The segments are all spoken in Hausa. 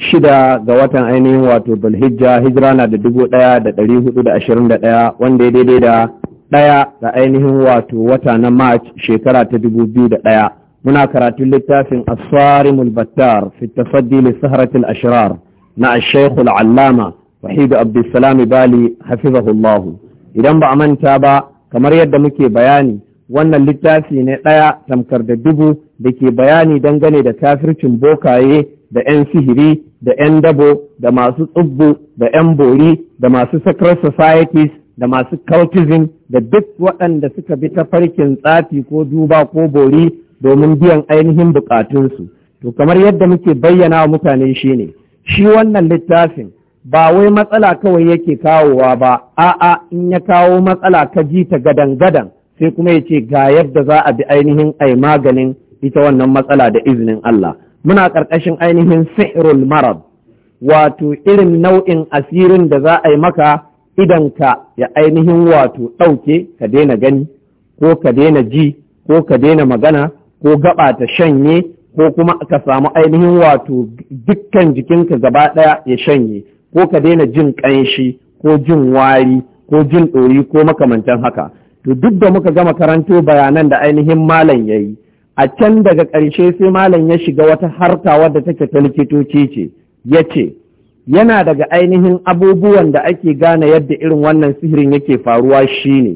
shida ga watan ainihin wato balhijja hijira na da dubu ɗaya da ɗari hudu da ashirin da ɗaya wanda ya daidai da ɗaya da ainihin wato wata na March shekara ta dubu biyu da ɗaya. Muna karatun littafin Asfarimul Battar fi tafaddi li ashirar na Ashaikhul Allama Wahidu Abdulsalam Bali hafizahullahu. Idan ba a manta ba kamar yadda muke bayani wannan littafi ne ɗaya tamkar da dubu da ke bayani dangane da kafircin bokaye da 'yan sihiri da 'yan dabo da masu tsubbu da 'yan bori da masu sakar societies da masu cultism da duk waɗanda suka bi ta farkin tsafi ko duba ko bori domin biyan ainihin bukatunsu to kamar yadda muke bayyana wa mutane shine shi wannan littafin ba wai matsala kawai yake kawowa ba a'a in ya kawo matsala ka ji ta gadan-gadan sai kuma ya ce ga yadda za a bi ainihin ai maganin ita wannan matsala da izinin Allah muna ƙarƙashin ainihin sihrul marad wato irin nau'in asirin da za a yi maka ka ya ainihin wato ɗauke ka daina gani ko ka daina ji ko ka daina magana ko gaba ta shanye ko kuma ka samu ainihin wato dukkan jikinka gaba ɗaya ya shanye ko ka daina jin ƙanshi ko jin wari ko jin ɗori ko makamantan haka to duk da muka gama karanto bayanan da ainihin malam ya yi a can daga ƙarshe sai malam ya shiga wata harka wadda take ta likitoci ce ya ce yana daga ainihin abubuwan da ake gane yadda irin wannan sihirin yake faruwa shine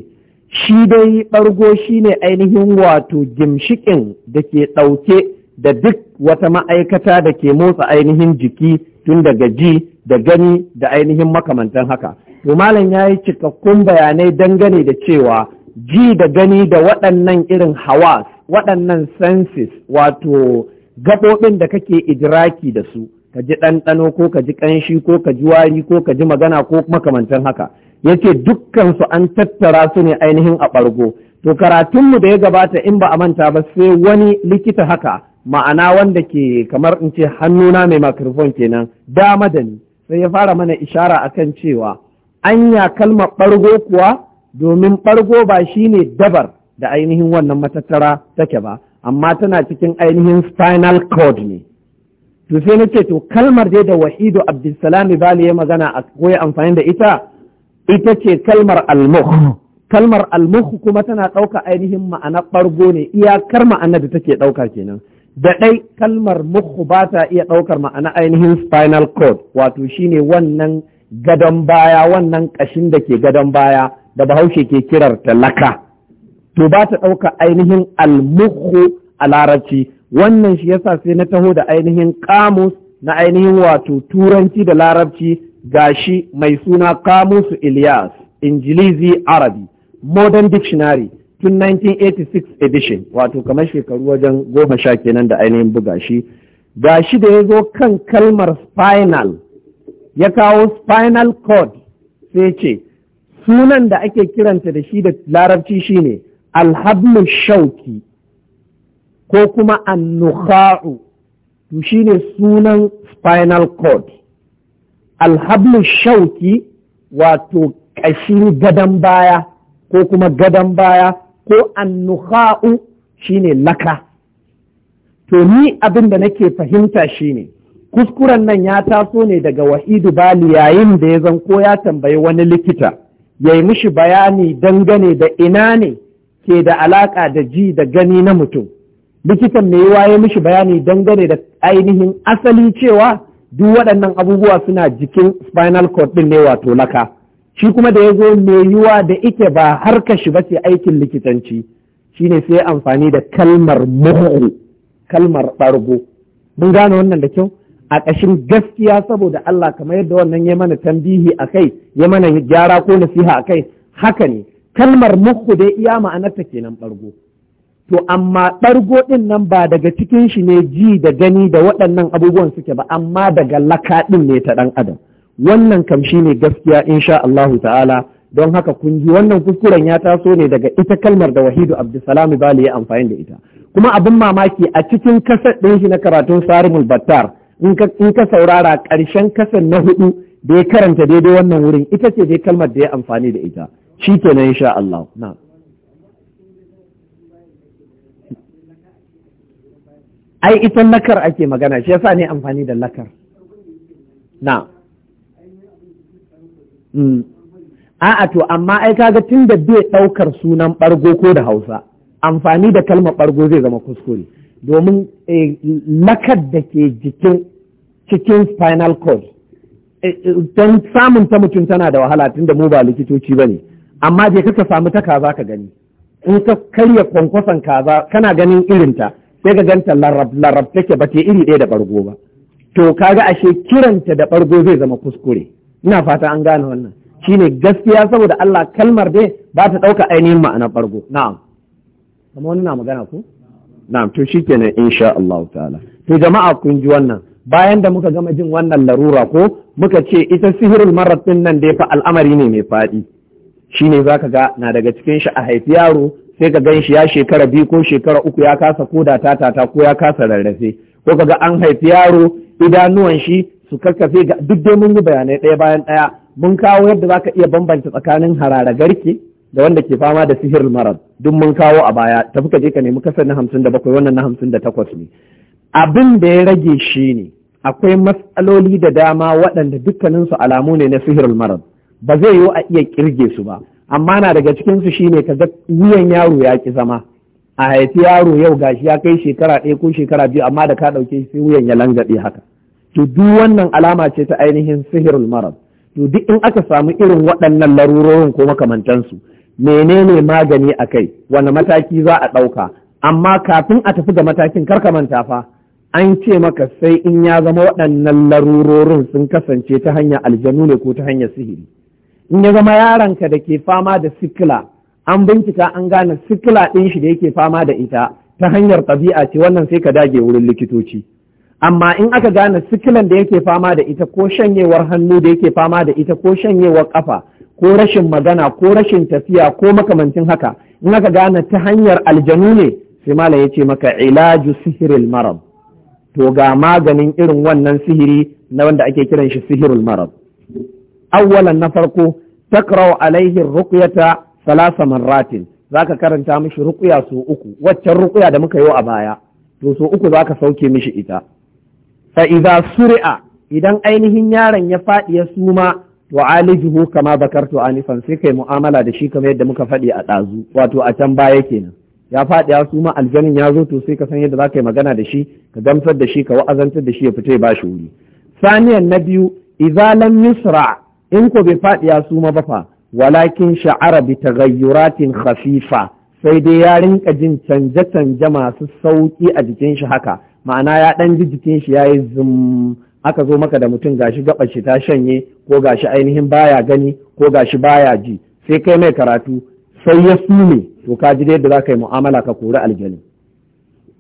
shi dai ɓargo ne ainihin wato gimshikin da ke ɗauke da duk wata ma'aikata da ke motsa ainihin jiki tun daga ji da gani da ainihin makamantan haka to malam ya yi cikakkun bayanai dangane da cewa ji da gani da waɗannan irin hawas waɗannan senses wato gaɓoɓin da kake idiraki da su ka ji ɗanɗano ko ka ji ƙanshi ko ka ji wari ko ka ji magana ko makamantan haka yace dukkan su an tattara su ne ainihin a ɓargo to karatunmu da ya gabata in ba a manta ba sai wani likita haka ma'ana wanda ke kamar in ce hannuna mai microphone kenan dama da ni sai ya fara mana ishara akan cewa anya kalmar ɓargo kuwa domin ɓargo ba shine dabar da ainihin wannan matattara take ba amma tana cikin ainihin spinal cord ne to sai nace to kalmar dai da wahidu abdulsalam bali ya magana a koyi amfani da ita ita ce kalmar almuh kalmar almuh kuma tana ɗauka ainihin ma'ana ɓargo ne iyakar ma'ana da take ɗauka kenan da ɗai kalmar muhu ba ta iya ɗaukar ma'ana ainihin spinal cord wato shine wannan gadon baya wannan ƙashin da ke gadon baya da bahaushe ke kirar talaka to ba ta ɗauka ainihin almuhu a larabci wannan shi yasa sai na taho da ainihin kamus na ainihin wato turanci da larabci gashi mai suna kamus Ilyas Injilizi Arabi Modern Dictionary tun 1986 edition wato kamar shekaru wajen goma sha kenan da ainihin buga shi gashi da ya zo kan kalmar spinal ya kawo spinal cord sai ce sunan da ake kiranta da shi da larabci shine alhablu shauki ko kuma annukha'u to shine sunan spinal cord alhablu shauki wato ƙashin gadon baya ko kuma gadon baya ko annukha'u shine laka to ni abin da nake fahimta shine kuskuren nan ya taso ne daga wahidu bali yayin da ya zan ko ya tambayi wani likita ya yi mishi bayani dangane da ina ne ke da alaƙa da ji da gani na mutum likitan mai ya mishi bayani dangane da ainihin asali cewa duk waɗannan abubuwa suna jikin spinal cord ɗin ne wato laka shi kuma da ya zo mai yiwa da ike ba harka shi ba ce aikin likitanci Shi ne sai amfani da kalmar muhu kalmar ɓargo mun gane wannan da kyau a ƙashin gaskiya saboda Allah kamar yadda wannan ya mana tambihi a kai ya mana gyara ko nasiha a kai haka ne kalmar Muku dai iya ma'anarta kenan ɓargo to amma ɓargo ɗin nan ba daga cikin shi ne ji da gani da waɗannan abubuwan suke ba amma daga laka ɗin ne ta ɗan adam wannan kam shi ne gaskiya insha Allahu ta'ala don haka kun ji wannan kuskuren ya taso ne daga ita kalmar da wahidu abdulsalam bali ya amfani da ita kuma abin mamaki a cikin kasar ɗin shi na karatun sarimul battar in ka saurara ƙarshen kasar na hudu da ya karanta daidai wannan wurin ita ce dai kalmar da ya amfani da ita shi kenan sha Allah na ai ita lakar ake magana shi yasa ne amfani da lakar na mm. a'a to amma ai kaga da bai ɗaukar sunan ɓargo ko da hausa amfani da kalma ɓargo zai zama kuskure domin eh, lakar da ke jikin cikin spinal cord eh, eh, don samun ta mutum tana da wahala tun da mu ba likitoci ba ne amma je ka samu ta kaza ka gani in ka karya kwankwason kaza kana ganin irinta sai ka ganta larab larab take ba iri ɗaya da bargo ba to kaga ashe kiranta da bargo zai zama kuskure ina fata an gane wannan shine gaskiya saboda Allah kalmar dai ba ta ɗauka ainihin ma'anar bargo na'am kuma wani na magana ku na'am to shikenan insha Allah ta'ala to jama'a kun ji wannan bayan da muka gama jin wannan larura ko muka ce ita sihirul marar nan dai fa al'amari ne mai faɗi Shi ne za ka ga na daga cikin shi a haifi yaro sai ka gan shi ya shekara biyu ko shekara uku ya kasa koda ta tata ko ya kasa rarrafe ko ka ga an haifi yaro idanuwan shi su karkafe ga duk dai mun yi bayanai ɗaya bayan ɗaya mun kawo yadda za ka iya bambanta tsakanin harara garke da wanda ke fama da sihirin marar duk mun kawo a baya tafi ka je ka nemi kasar na hamsin da bakwai wannan na hamsin da takwas ne abin da ya rage shi ne akwai matsaloli da dama waɗanda dukkaninsu alamu ne na sihirin marar ba zai yiwu a iya kirge su ba amma na daga cikin su shine ga wuyan yaro ya ki zama a haifi yaro yau gashi ya kai shekara ɗaya ko shekara biyu amma da ka ɗauke sai wuyan ya langaɗe haka to duk wannan alama ce ta ainihin sihirul maras, to duk in aka samu irin waɗannan larurorin ko makamantansu menene magani a kai wani mataki za a ɗauka amma kafin a tafi ga matakin karka manta fa an ce maka sai in ya zama waɗannan larurorin sun kasance ta hanyar aljanu ne ko ta hanyar sihiri in ya zama ka da ke fama da sikila an bincika an gane sikila ɗin shi da yake fama da ita ta hanyar ɗabi'a ce wannan sai ka dage wurin likitoci amma in aka gane sikilan da yake fama da ita ko shanyewar hannu da yake fama da ita ko shanyewar ƙafa ko rashin magana ko rashin tafiya ko makamancin haka in aka gane ta hanyar aljanu ne sai mala ya ce maka ilaju sihiril marab to ga maganin irin wannan sihiri na wanda ake kiran shi sihirul marab awwalan na farko takrau alaihi ruqyata salasa marratin zaka karanta mishi ruqya su uku waccan ruqya da muka yi a baya to su uku zaka sauke mishi ita fa idza suri'a idan ainihin yaron ya faɗi ya suma to alijuhu kama bakartu anifan sai kai mu'amala da shi kamar yadda muka faɗi a ɗazu wato a can baya kenan ya faɗi ya suma aljanin ya zo to sai ka san yadda za yi magana da shi ka gamsar da shi ka wa'azantar da shi ya fita ya shi wuri saniyan na biyu idza lam yusra in ko bai faɗi ya suma bafa, walakin sha'ara bi taghayyuratin khafifa sai dai ya rinka jin canje-canje masu sauki a jikin shi haka ma'ana ya dan ji jikin shi yayi zum aka zo maka da mutum gashi gaɓa shi ta shanye ko gashi ainihin baya gani ko gashi baya ji sai kai mai karatu sai ya sume to ka ji dai da za ka yi mu'amala ka kori aljali.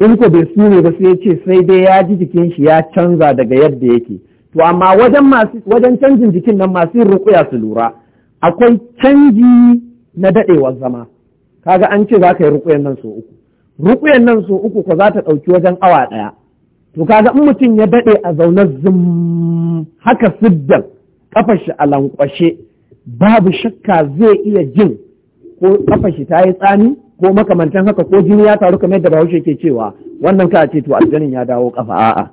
in ko bai sume ba sai ya ce sai dai ya ji jikin shi ya canza daga yadda yake to amma wajen masu wajen canjin jikin nan masu yin rukuya su lura akwai canji na daɗewar zama kaga an ce za ka yi rukuyan nan so uku rukuyan nan so uku ko za ta ɗauki wajen awa ɗaya to kaga in mutum ya daɗe a zaune zum haka siddan kafar shi a lankwashe babu shakka zai iya jin ko kafar shi ta yi tsami ko makamantan haka ko jini ya taru kamar yadda bahaushe ke cewa wannan ka ce to aljanin ya dawo kafa a'a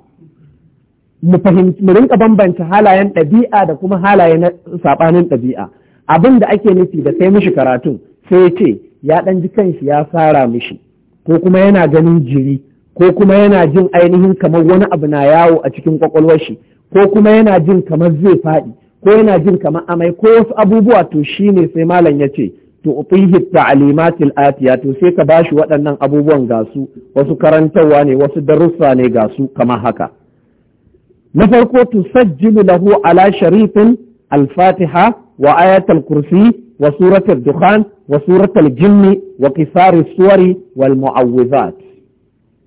mu fahimci mu rinka bambanta halayen ɗabi'a da kuma halaye na saɓanin ɗabi'a abin da ake nufi da sai mishi karatun sai ce ya ɗan ji kanshi ya fara mishi ko kuma yana ganin jiri ko kuma yana jin ainihin kamar wani abu na yawo a cikin kwakwalwar shi ko kuma yana jin kamar zai faɗi ko yana jin kamar amai ko wasu abubuwa to shine sai malam ya ce to utihi ta'limatil atiya to sai ka bashi waɗannan abubuwan gasu wasu karantarwa ne wasu darussa ne gasu kamar haka na farko tusajjilu lahu ala sharifin al-fatiha wa ayatul kursi wa suratul dukhan wa suratul jinni wa kisari suwari wal mu'awwizat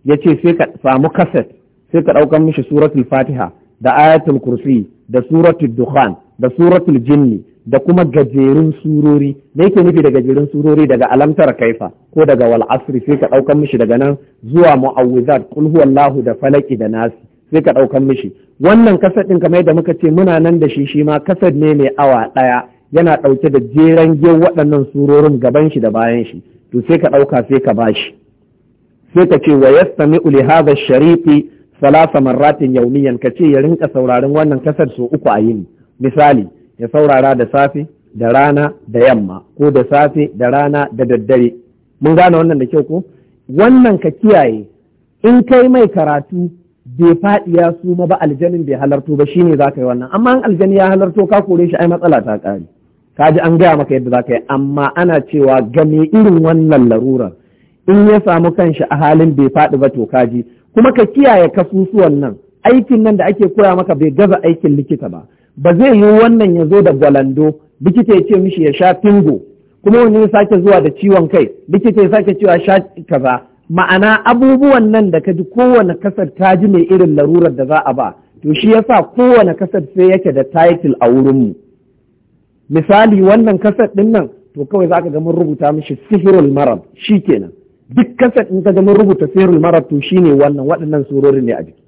yace sai ka samu kaset sai ka ɗaukar mishi suratul fatiha da ayatul kursi da suratul dukhan da suratul jinni da kuma gajerun surori da yake nufi da gajerun surori daga alamtar kaifa ko daga wal asri sai ka ɗaukar mishi daga nan zuwa mu'awwizat qul huwallahu da falaki da nasi sai ka ɗaukan mishi wannan kasar ɗin kamar yadda muka ce muna nan da shi shi ma kasad ne mai awa ɗaya yana ɗauke da jeran gen waɗannan surorin gaban shi da bayan shi to sai ka ɗauka sai ka bashi sai ka ce wa yastami'u li hadha sharifi salasa marratin yaumiyan ka ce ya rinka sauraron wannan kasar sau uku a yini misali ya saurara da safe da rana da yamma ko da safe da rana da daddare mun gane wannan da kyau ko wannan ka kiyaye in kai mai karatu bai faɗi ya suma ba aljanin bai halarto ba shine za ka yi wannan amma an aljani ya halarto ka kore shi ai matsala ta ƙare ka ji an gaya maka yadda za ka yi amma ana cewa game irin wannan larurar. in ya samu kanshi a halin bai faɗi ba to ka ji kuma ka kiyaye kasusuwan nan aikin nan da ake koya maka bai gaza aikin likita ba ba zai yi wannan ya zo da gwalando likita ya ce mishi ya sha fingo kuma wani ya sake zuwa da ciwon kai likita ya sake cewa sha kaza ma'ana abubuwan nan da ka ji kowane kasar ta ji mai irin larurar da za a ba to shi yasa kowane kasar sai yake da title a wurinmu misali wannan kasar ɗin nan to kawai za ka ga mun rubuta mishi sihirul marab shi kenan duk kasar in ka ga mun rubuta sihirul marab to shi ne wannan waɗannan surorin ne a jiki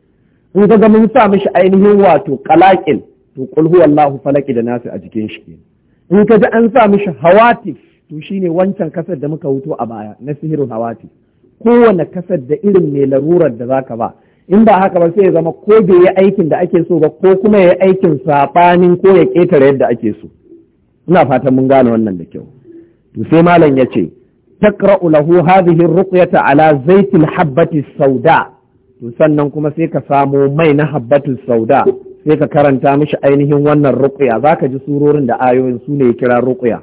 in ka ga mun sa mishi ainihin wato qalaqil to qul huwallahu falaki da nasu a jikin shi in ka ji an sa mishi hawatif to shi ne wancan kasar da muka wuto a baya na sihirul hawatif kowane kasar da irin mai larurar da zaka ba in ba haka ba sai ya zama ko bai yi aikin da ake so ba ko kuma ya yi aikin saɓanin ko ya ƙetare yadda ake so ina fatan mun gane wannan da kyau to sai malam ya ce taqra'u lahu hadhihi ruqyata ala zaitil habbati sauda to sannan kuma sai ka samo mai na habbatu sauda sai ka karanta mishi ainihin wannan ruqya zaka ji surorin da ayoyin su ne kira ruqya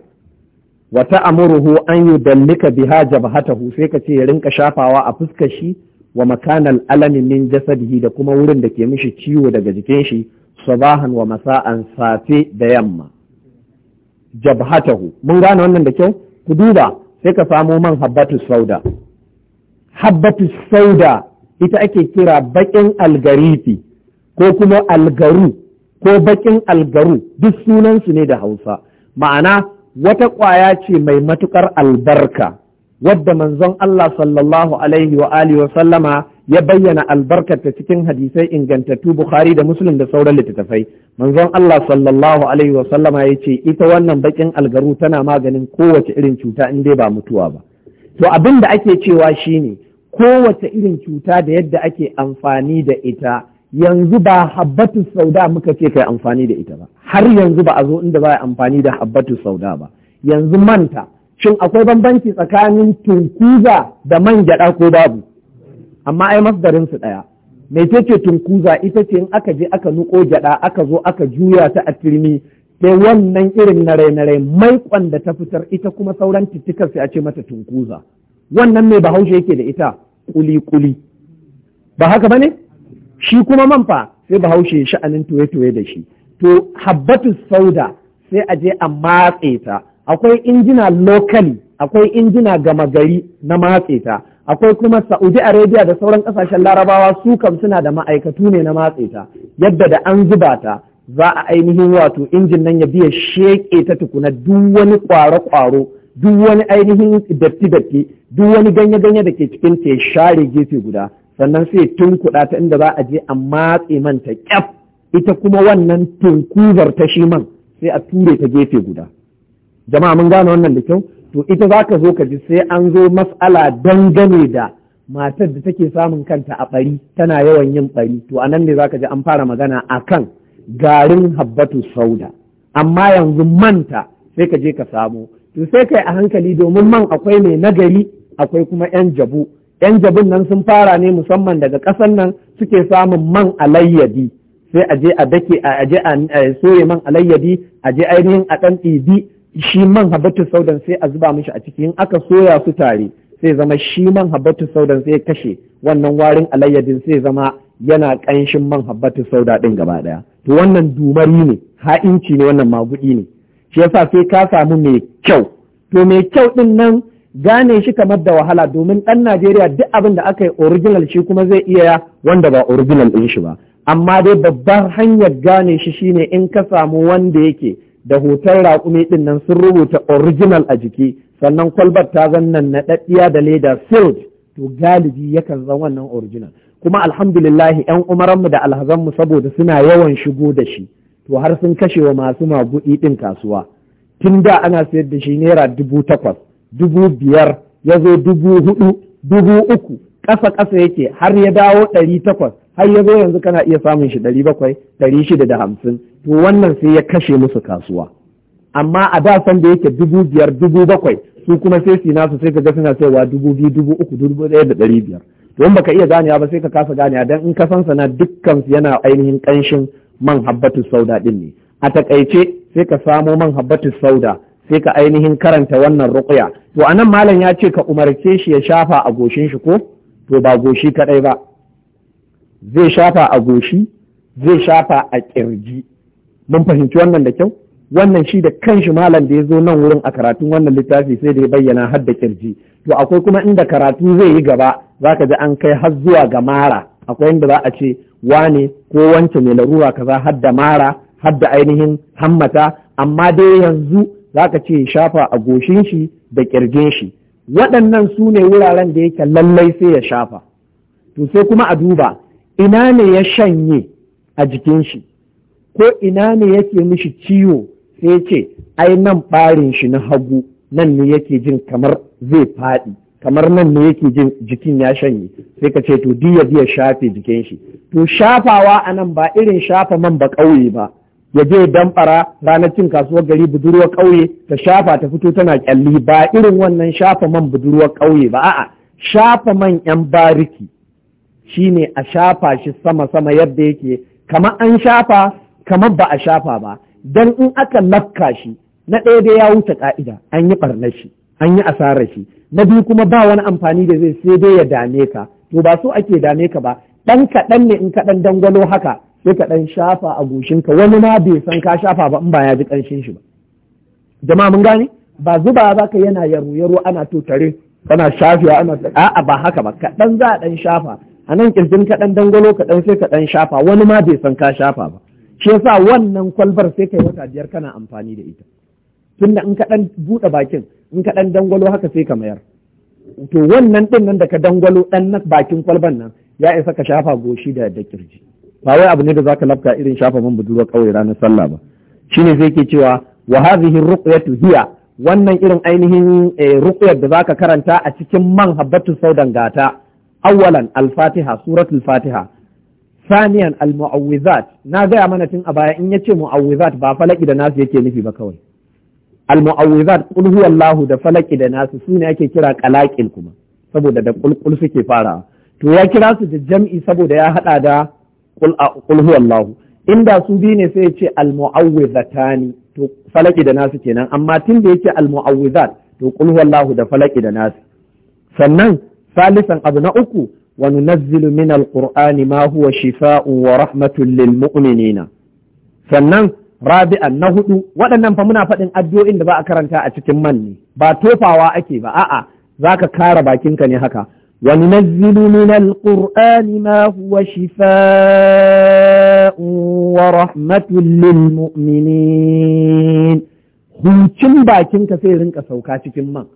wata amuruhu an yi dallika biha jabhatahu sai ka ce ya rinka shafawa a fuskar shi wa makanal alami min jasadihi da kuma wurin da ke mishi ciwo daga jikin shi sabahan wa masa'an safe da yamma jabhatahu mun gane wannan da kyau ku duba sai ka samo man habbatu sauda habbatu sauda ita ake kira bakin algarifi ko kuma algaru ko bakin algaru duk sunansu ne da hausa ma'ana wata ƙwaya ce mai matuƙar albarka wadda manzon Allah sallallahu alaihi wa alihi wa sallama ya bayyana albarkar ta cikin hadisai ingantattu Bukhari da Muslim da sauran littattafai manzon Allah sallallahu alaihi wa sallama ya ce ita wannan bakin algaru tana maganin kowace irin cuta in dai ba mutuwa ba to abin da ake cewa shine kowace irin cuta da yadda ake amfani da ita yanzu ba habbatu sauda muka ce kai amfani da ita ba har yanzu ba a zo inda ba amfani da habbatu sauda ba yanzu manta shin akwai bambanci tsakanin tunkuza da man gyada ko babu amma ai masdarin su daya mecece tunkuza ita ce in aka je aka nuko gyada aka zo aka juya ta a turmi sai wannan irin nare-nare maiƙon da ta fitar ita kuma sauran titikar sai a ce mata tunkuza wannan me bahaushe yake da ita kuli-kuli ba haka bane shi kuma man fa sai bahaushe sha'anin tuwe-tuwe da shi to habbatu sauda sai a je a matse ta akwai injina locally akwai injina gama gari na matse ta akwai kuma saudi arabia da sauran kasashen larabawa su kam suna da ma'aikatu ne na matse ta yadda da an zuba ta za a ainihin wato injin nan ya biya sheƙe ta tukuna duk wani kwaro-kwaro duk wani ainihin datti-datti duk wani ganye-ganye da ke cikin ta share gefe guda sannan sai tunkuɗa ta inda za a je a matse man ta kyaf ita kuma wannan tunkuzar ta shi man sai a ture ta gefe guda jama'a mun gane wannan da kyau to ita za ka zo ka ji sai an zo mas'ala dangane da matar da take samun kanta a ɓari tana yawan yin ɓari to a nan ne za ka ji an fara magana a kan garin habbatu sauda amma yanzu manta sai ka je ka samo. to sai kai a hankali domin man akwai mai nagari akwai kuma yan jabu yan jabin nan sun fara ne musamman daga ƙasan nan suke samun man alayyadi sai a je a dake a je a soye man alayyadi a je ainihin a ɗan ɗibi shi man habbatu saudan sai a zuba mishi a cikin aka soya su tare sai zama shi man habbatu saudan sai kashe wannan warin alayyadin sai zama yana ƙanshin man habbatu sauda ɗin gaba ɗaya to wannan dumari ne ha'inci ne wannan magudi ne shi yasa sai ka samu mai kyau to mai kyau ɗin nan gane shi kamar da wahala domin ɗan Najeriya duk abin da aka yi original shi kuma zai iya wanda ba original ɗin shi ba amma dai babbar hanyar gane shi shine in ka samu wanda yake da hoton raƙumi ɗin nan sun rubuta original a jiki sannan kwalbar ta zannan ɗaɗɗiya da leda sealed to galibi yakan zan wannan original kuma alhamdulillahi yan umaranmu da alhazanmu saboda suna yawan shigo da shi to har sun kashe wa masu maguɗi ɗin kasuwa tun da ana sayar da shi naira dubu takwas dubu biyar ya zo dubu hudu dubu uku ƙasa ƙasa yake har ya dawo ɗari takwas har ya zo yanzu kana iya samun shi ɗari bakwai ɗari shida da hamsin to wannan sai ya kashe musu kasuwa amma a da san da yake dubu biyar dubu bakwai su kuma sai su nasu sai ka ga suna saiwa dubu biyu dubu uku dubu ɗaya da ɗari biyar to in baka iya ganewa ba sai ka kasa ganewa dan in ka san sana dukkan yana ainihin ƙanshin man habbatu sauda ɗin ne a taƙaice sai ka samo man habbatu sauda sai ka ainihin karanta wannan ruqya to a nan malam ya ce ka umarce shi ya shafa a goshin shi ko to ba goshi kadai ba zai shafa a goshi zai shafa a kirji mun fahimci wannan da kyau wannan shi da kanshi malam da ya zo nan wurin a karatun wannan littafi sai da ya bayyana har da kirji to akwai kuma inda karatu zai yi gaba zaka ji an kai har zuwa ga mara akwai inda za a ce wane ko wance mai larura kaza har da mara har da ainihin hammata amma dai yanzu za ka ce shafa a goshin shi da kirjin shi waɗannan su ne wuraren da yake lallai sai ya shafa to sai kuma a duba ina ne ya shanye a jikin shi ko ina ne yake mishi ciwo sai ce ai nan ɓarin shi na hagu nan ne yake jin kamar zai faɗi kamar nan ne yake jin jikin ya shanye sai ka ce to diya shafe jikin shi to shafawa a nan ba irin shafa man ba ƙauye ba ya je damfara ranar cin kasuwar gari budurwar ƙauye ta shafa ta fito tana kyalli ba irin wannan shafa man budurwar ƙauye ba a'a shafa man yan bariki shine a shafa shi sama sama yadda yake kama an shafa kama ba a shafa ba dan in aka lafka shi na ɗaya dai ya wuce ka'ida an yi ɓarnar shi an yi asarar shi na biyu kuma ba wani amfani da zai sai dai ya dame ka to ba so ake dame ka ba ɗan kaɗan ne in kaɗan dangwalo haka sai ka ɗan shafa a goshinka wani ma bai san ka shafa ba in ba ya ji ƙanshin shi ba jama'a mun gane ba zuba za ka yana yaro yaro ana to tare kana shafiya ana a'a ba haka ba kaɗan za a ɗan shafa a nan ƙirjin ka ɗan dangwalo ka ɗan sai ka ɗan shafa wani ma bai san ka shafa ba shi yasa wannan kwalbar sai kai wata biyar kana amfani da ita tunda in ka ɗan buɗe bakin in ka ɗan dangwalo haka sai ka mayar to wannan ɗin nan da ka dangwalo ɗan na bakin kwalban nan ya isa ka shafa goshi da da kirji ba wai abu ne da zaka lafka irin shafa man budurwa kawai ranar sallah ba shine zai ke cewa wa hadhihi ruqyatu hiya wannan irin ainihin eh, ruqyar da zaka karanta a cikin man habbatu saudan gata awwalan al-fatiha suratul fatiha saniyan al-mu'awwizat na gaya mana tun a baya in yace mu'awwizat ba falaki da nasu yake nufi ba kawai al-mu'awwizat qul huwallahu da falaki da nasu sune ake kira qalaqil kuma saboda da kulkul suke fara to ya kira su da jam'i saboda ya hada da qul huwa Allah inda su biyu ne sai ce al mu'awwizatani to falaki da nasu kenan amma tun da yake al mu'awwizat to qul huwa Allah da falaki da nasu sannan salisan abu na uku wa nunazzilu min al qur'ani ma huwa shifaa'un wa rahmatun lil mu'minina sannan rabi'an na hudu waɗannan fa muna faɗin addu'o'in da ba a karanta a cikin man ne ba tofawa ake ba a'a zaka kara bakinka ne haka وننزل من القرآن ما هو شفاء ورحمة للمؤمنين hucin bakinka sai rinka sauka cikin man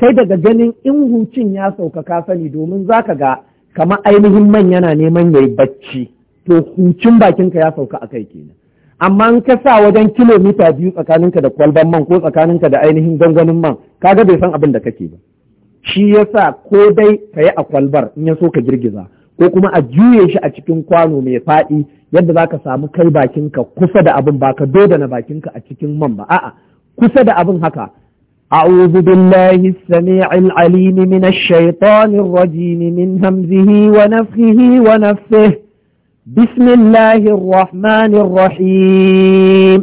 kai daga ganin in hucin ya sauka ka sani domin zaka ga kama ainihin man yana neman yayi bacci to hucin bakinka ya sauka a kai kenan amma in ka sa wajen kilomita biyu tsakaninka da kwalban man ko tsakaninka da ainihin gwangwanin man ka ga bai san abin da kake ba shi yasa ko dai ka yi a kwalbar in ya so ka girgiza ko kuma a juye shi a cikin kwano mai faɗi yadda za ka samu kai bakinka kusa da abin ba ka dodana bakinka a cikin man ba a'a kusa da abin haka أعوذ بالله السميع العليم من الشيطان الرجيم من همزه ونفخه ونفه بسم الله الرحمن الرحيم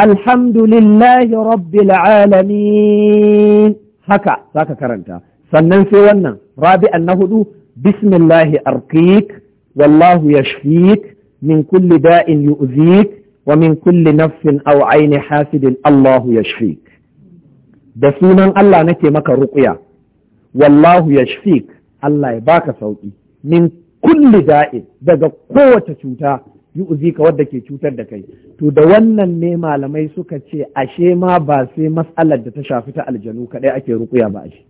الحمد لله رب العالمين haka za ka karanta sannan sai wannan rabi'an na hudu bismillahi arqik wallahu yashfik min kulli da'in yu'zik wa min kulli nafsin aw aini hasidin Allahu yashfik da sunan Allah nake maka ruqya wallahu yashfik Allah ya baka sauki min kulli da'in daga kowace cuta yu'zika wadda ke cutar da kai to da wannan ne malamai suka ce ashe ma ba sai matsalar da ta shafi ta aljanu kadai ake ruqya ba ashe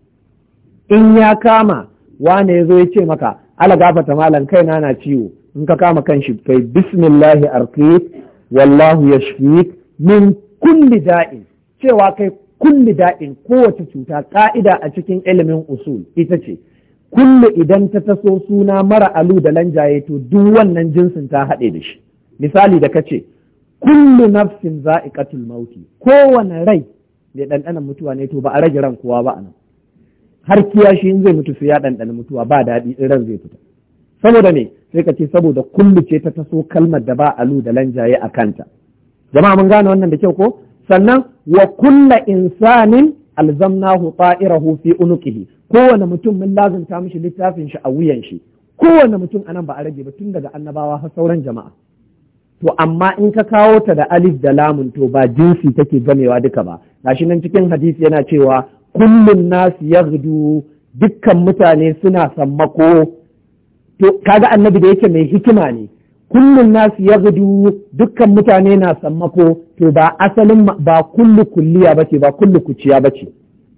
in ya kama wane ya zo ya ce maka ala gafata malam kai na na ciwo in ka kama kan shi kai bismillahi arqiq wallahu yashfik min kulli da'in cewa kai kulli da'in kowace cuta ka'ida a cikin ilimin usul ita ce kullu idan ta taso suna mara alu da lanjaye to duk wannan jinsin ta haɗe da shi misali da kace kullu nafsin za'iqatul mauti kowane rai da ɗanɗanan mutuwa ne to ba a rage ran kowa ba anan har kiyashi in zai mutu sai ya ɗanɗana mutuwa ba daɗi in ran zai fita saboda me sai ka ce saboda kullu ce ta taso kalmar da ba alu da lanjaye a kanta jama'a mun gane wannan da kyau ko sannan wa kulla insanin alzamnahu ta'irahu fi unuqihi kowane mutum mun lazanta mishi littafin shi a wuyan shi kowane mutum anan ba a rage ba tun daga annabawa har sauran jama'a to amma in ka kawo ta da alif da lamun to ba jinsi take gamewa duka ba gashi nan cikin hadisi yana cewa Kullum nasu yaghdu dukkan mutane suna sammako to kaga annabi da yake mai hikima ne Kullum nasu yaghdu dukkan mutane na sammako to ba asalin ba kullu kulliya bace ba kullu kuciya bace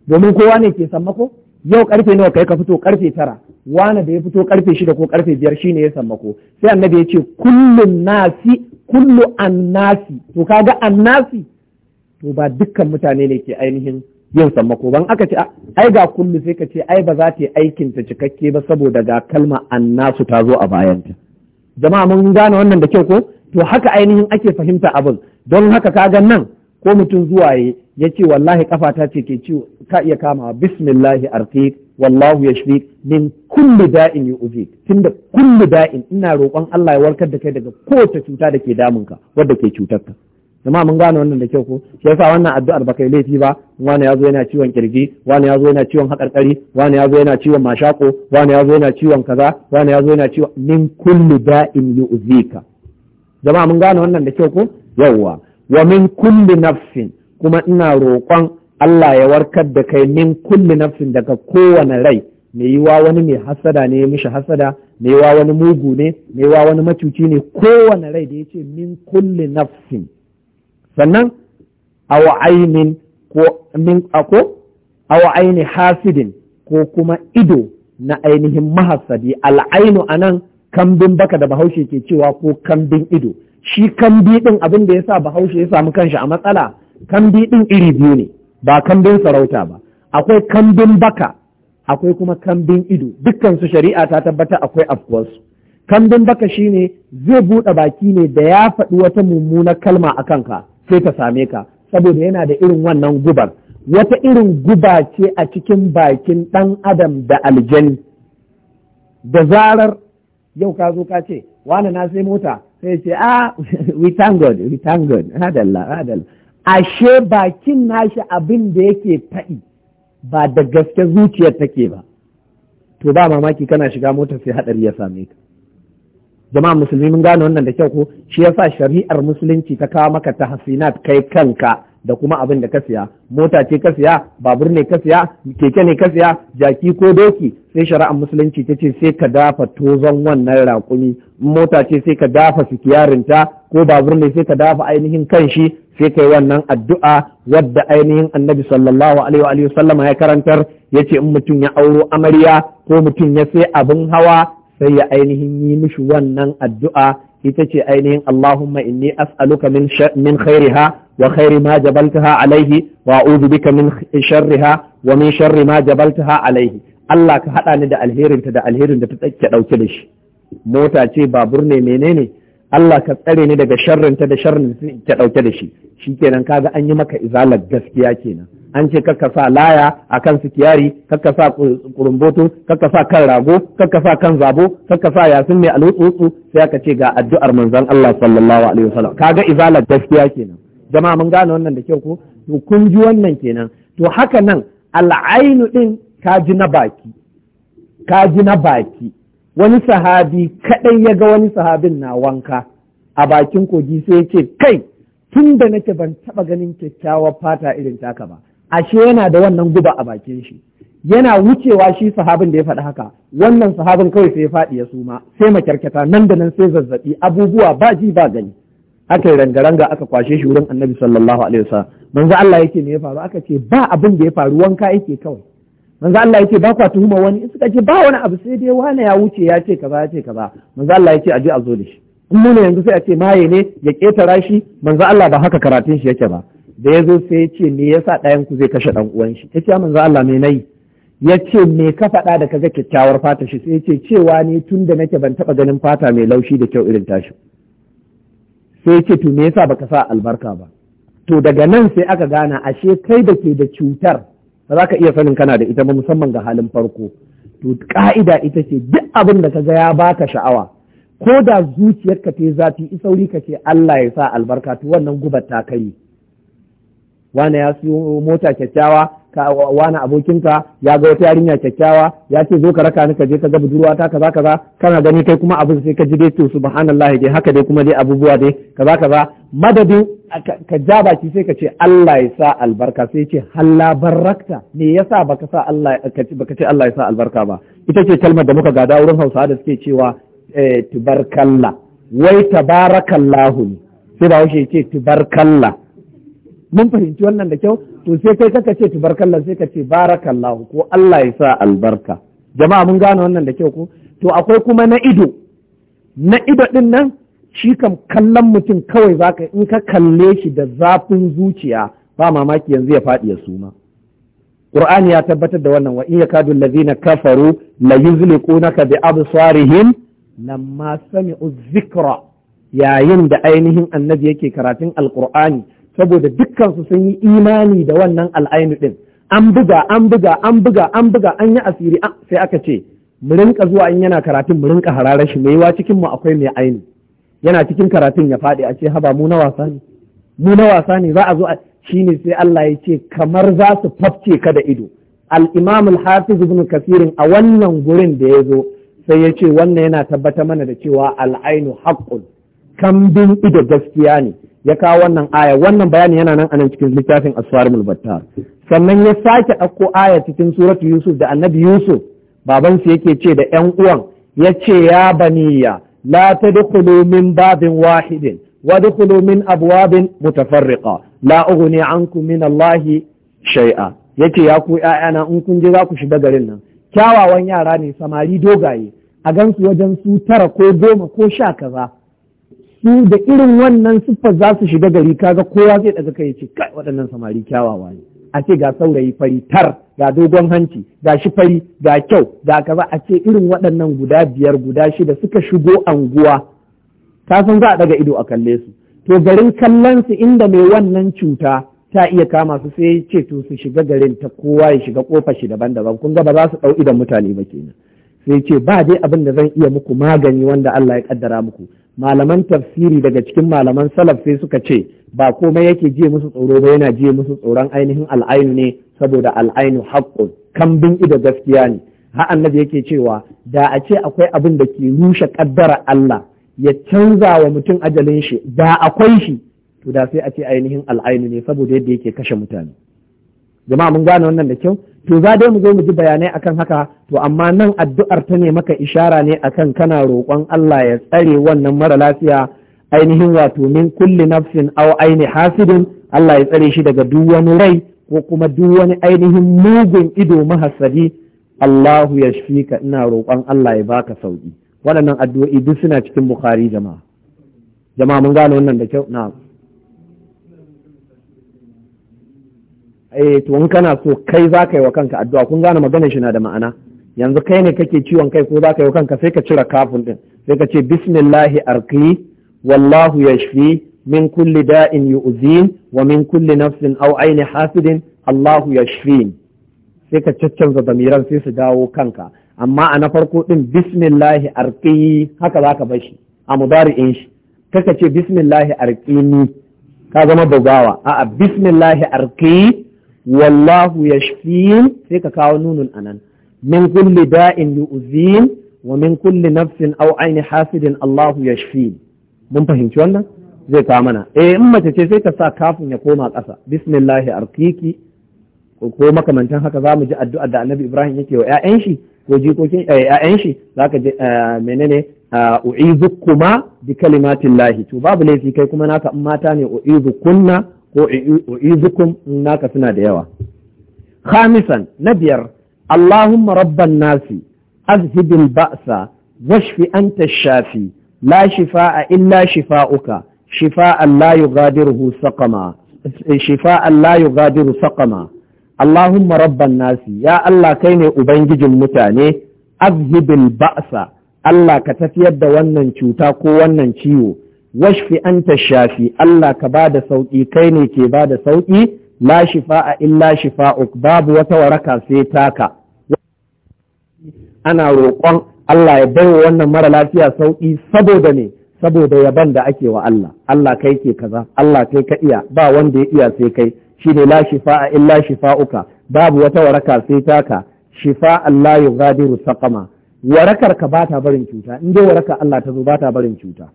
domin kowa ne ke sammako yau karfe nawa kai ka fito karfe tara wani da ya fito karfe shida ko karfe biyar shine ya sammako sai annabi ya ce kullun nasi kullu annasi to kaga annasi to ba dukkan mutane ne ke ainihin yin sammako ban aka ce ai ga kullu sai ka ce ai ba za ta yi aikin ta cikakke ba saboda ga kalma annasu ta zo a bayanta jama'a mun gane wannan da kyau ko to haka ainihin ake fahimta abin don haka ka ga nan ko mutum zuwa ya ya ce wallahi kafata ce ke ciwo ka iya kama bismillahi artik wallahu ya yashfik min kulli da'in yu'zik tunda kulli da'in ina roƙon Allah ya warkar da kai daga kowace cuta da ke damunka wadda ke cutar ka. amma mun gane wannan da kyau ko shi yasa wannan addu'ar ba kai laifi ba wani zo yana ciwon kirji wani zo yana ciwon hakarkari wani zo yana ciwon mashako wani zo yana ciwon kaza wani zo yana ciwon min kulli da'in yu'zika jama'a mun gane wannan da kyau ko yawwa wa min kulli nafsin kuma ina roƙon Allah ya warkar da kai min kulli nafsin daga kowane rai Me yiwa wani mai hasada ne mishi hasada Me yiwa wani mugu ne Me yiwa wani macuci ne kowane rai da yace min kulli nafsin sannan awa ko aini hasidin ko kuma ido na ainihin mahasadi al'ainu a nan kambin baka da bahaushe ke cewa ko kambin ido shi kambi ɗin abin da ya sa bahaushe ya samu kanshi a matsala kambi ɗin iri biyu ne ba kambin sarauta ba akwai kambin baka akwai kuma kambin ido dukkan su shari'a ta tabbata akwai afkuwarsu kambin baka shine zai buɗe baki ne da ya faɗi wata mummunar kalma a kanka sai ta same ka saboda yana da irin wannan gubar wata irin guba ce a cikin bakin ɗan adam da aljani da zarar yau ka zo ka ce wani na sai mota sai ce a ah, we thank god we thank god hadalla hadalla ashe bakin nashi abin da yake faɗi ba da gaske zuciyar take ba to ba mamaki kana shiga mota sai haɗari ya same ka jama'a musulmi mun gane wannan da kyau ko shi yasa shari'ar musulunci ta kawo maka ta hasinat kai kanka da kuma abin da ka siya mota ce ka siya babur ne ka siya keke ne ka siya jaki ko doki sai shari'ar musulunci ta ce sai ka dafa tozon wannan raƙumi mota ce sai ka dafa sikiyarinta ko babur ne sai ka dafa ainihin kan shi sai kai wannan addu'a wadda ainihin annabi sallallahu alaihi wa sallama ya karantar yace in mutum ya auro amarya ko mutum ya sai abin hawa sai ya ainihin yi mishi wannan addu'a ita ce ainihin Allahumma inni as'aluka min min khairiha wa khairi ma jabaltaha alaihi wa a'udhu bika min sharriha wa min sharri ma jabaltaha alaihi Allah ka haɗa ni da alherinta da alherin da ta tsake ɗauke da shi mota ce babur ne menene Allah ka tsare ni daga sharrinta da sharrin ta dauke da shi shikenan kaga an yi maka izalar gaskiya kenan an ce kakka sa laya a kan sikiyari kakka sa kurumboto kakka sa kan rago kakka sa kan zabo kakka sa yasin mai alutsutsu sai aka ce ga addu'ar manzon Allah sallallahu alaihi wasallam kaga izalar gaskiya kenan jama'a mun gane wannan da kyau ko to kun ji wannan kenan to haka nan al'ainu din ka ji na baki ka na baki wani sahabi kaɗai ya ga wani sahabin na wanka a bakin kogi sai ya ce kai tun da nake ban taɓa ganin kyakkyawar fata irin taka ba ashe yana da wannan guba a bakin shi yana wucewa shi sahabin da ya faɗi haka wannan sahabin kawai sai ya faɗi ya suma sai makyarkyata nan da nan sai zazzaɓi abubuwa ba ji ba gani aka yi ranga-ranga aka kwashe shi wurin annabi sallallahu alaihi wasallam manzo Allah yake me ya faru aka ce ba abin da ya faru wanka yake kawai manzo Allah yake ba kwa tuhuma wani in suka ce ba wani abu sai dai wani ya wuce ya ce kaza ya ce kaza manzo Allah yake aje a zo da shi in mu yanzu sai a ce maye ne ya ketara shi manzo Allah ba haka karatun shi yake ba da ya zo sai ya ce me yasa ɗayan ku zai kashe ɗan uwan shi ya ce manzo Allah me nayi ya ce me ka faɗa da kaga kyakkyawar fata shi sai ya ce cewa ne tun da nake ban taɓa ganin fata mai laushi da kyau irin tashi sai ya ce to me yasa baka sa albarka ba to daga nan sai aka gana ashe kai da ke da cutar ba za ka iya sanin kana da ita ba musamman ga halin farko to ka'ida ita ce duk abin da kaga ya baka sha'awa ko da zuciyarka ta yi zafi isauri ka ce Allah ya sa albarka to wannan gubar ta kai wane ya siyo mota kyakkyawa ka abokinka ya ga wata yarinya kyakkyawa ya ce zo ka raka ni ka je ka ga budurwa ta kaza kaza kana gani kai kuma abin sai ka ji dai to subhanallahi dai haka dai kuma dai abubuwa dai kaza kaza madadin ka ja baki sai ka ce Allah ya sa albarka sai ce halla barakta me yasa baka sa Allah baka ce Allah ya sa albarka ba ita ce kalmar da muka gada wurin Hausa da suke cewa eh, tubarkalla wai tabarakallahu ne sai ba wuce ce tubarkalla mun fahimci wannan da kyau to sai kai kaka ce tubarkallah sai ka ce barakallahu ko Allah ya sa albarka jama'a mun gane wannan da kyau ko to akwai kuma na ido na ido din nan shi kam kallon mutum kawai zaka in ka kalle shi da zafin zuciya ba mamaki yanzu ya faɗi ya suma Qur'ani ya tabbatar da wannan wa in yakadu allazina kafaru la yuzliqunaka bi absarihim lamma sami'u dhikra yayin da ainihin annabi yake karatun alqur'ani saboda dukkansu sun yi imani da wannan al'ainu din, an buga an buga an buga an buga an yi asiri ah, sai aka ce mu rinka zuwa in yana karatun mu rinka hararar shi mai yiwa cikin mu akwai mai aini yana cikin karatun ya faɗi a ce haba mu na wasa ne mu na wasa ne za a zo shine sai Allah ya ce kamar za su fafce ka da ido al-Imam al-Hafiz ibn Kathir a wannan gurin da ya zo sai ya ce wannan yana tabbata mana da cewa al-ainu haqqun kambin ido gaskiya ne ya kawo wannan aya wannan bayani yana nan anan cikin littafin asfarimul battar sannan ya sake ɗauko aya cikin suratu yusuf da annabi yusuf Baban su yake ce da ƴan uwan yace ya baniya la tadkhulu min babin wahidin wadkhulu min abwabin mutafarriqa la ughni ankum min allahi shay'a yace ya ku ƴaƴana in kun je za ku shiga garin nan kyawawan yara ne samari dogaye a gansu wajen su tara ko goma ko sha kaza su da irin wannan siffar za su shiga gari kaga kowa zai daga kai ce kai waɗannan samari kyawawa ne a ce ga saurayi fari tar ga dogon hanci ga shi fari ga kyau ga kaza a ce irin waɗannan guda biyar guda shida suka shigo anguwa ta san za a daga ido a kalle su to garin kallon su inda mai wannan cuta ta iya kama su sai ce to su shiga garin ta kowa ya shiga kofar shi daban-daban kun ga ba za su ɗau idan mutane ba kenan sai ce ba dai abin da zan iya muku magani wanda Allah ya kaddara muku malaman tafsiri daga cikin malaman salaf sai suka ce ba komai yake jiye musu tsoro ba yana jiye musu tsoron ainihin al'ainu ne saboda al'ainu haqqun kambin ido gaskiya ne har annabi yake cewa da a ce akwai abin da ke rushe kaddara Allah ya canza wa mutum ajalin shi da akwai shi to da sai a ce ainihin al'ainu ne saboda yadda yake kashe mutane jama'a mun gane wannan da kyau to za dai mu zo mu ji bayanai akan haka to amma nan addu'ar ta ne maka ishara ne akan kana roƙon Allah ya tsare wannan mara lafiya ainihin wato min kulli nafsin aw aini hasidin Allah ya tsare shi daga duk wani rai ko kuma duk wani ainihin mugun ido mahasadi Allahu ya ka ina roƙon Allah ya baka sauki waɗannan addu'o'i duk suna cikin Bukhari jama'a jama'a mun gane wannan da kyau na'am eh to kana so kai za ka yi wa kanka addu'a kun gane maganar shi na da ma'ana yanzu kai ne kake ciwon kai ko za ka yi wa kanka sai ka cire kafin din sai ka ce bismillahi arqi wallahu yashfi min kulli da'in yu'zin wa min kulli nafsin aw aini hasidin Allahu yashfin sai ka caccanza damiran sai su dawo kanka amma a na farko din bismillahi arqi haka za ka bashi a mudari'in shi kaka ce bismillahi arqini ka zama bugawa a'a bismillahi arqi wallahu yashfin sai ka kawo nunun anan min kulli da'in yu'zin wa min kulli nafsin aw aini hasidin Allahu yashfin mun fahimci wannan zai kawo mana eh in mace ce sai ta sa kafin ya koma ƙasa bismillahi arkiki ko makamantan haka za mu ji addu'a da annabi ibrahim yake wa 'ya'yan shi ko jikokin eh, 'ya'yan shi zaka je, eh, menene eh, u'izukuma bi kalimatin lahi to babu laifi kai kuma naka in mata ne u'izukunna ko u'izukum naka suna da yawa khamisan na biyar allahumma rabban nasi azhibil ba'sa washfi anta shafi la shifa'a illa shifa'uka shifa'an la yughadiruhu saqama shifa'an la yughadiru saqama allahumma rabban nasi ya allah kai ne ubangijin mutane azhibil ba'sa Allah ka tafiyar da wannan cuta ko wannan ciwo washfi anta shafi Allah ka ba da sauki kai ne ke ba da sauki la shifa a illa shifa uk babu wata waraka sai taka ana roƙon Allah ya baiwa wannan mara lafiya sauki saboda ne saboda yaban da ake wa Allah Allah kai ke kaza Allah kai ka iya ba wanda ya iya sai kai shine la shifa a illa shifa uka. babu wata waraka sai taka shifa Allah yughadiru saqama warakar ka bata barin cuta in dai warakar Allah ta zo bata barin cuta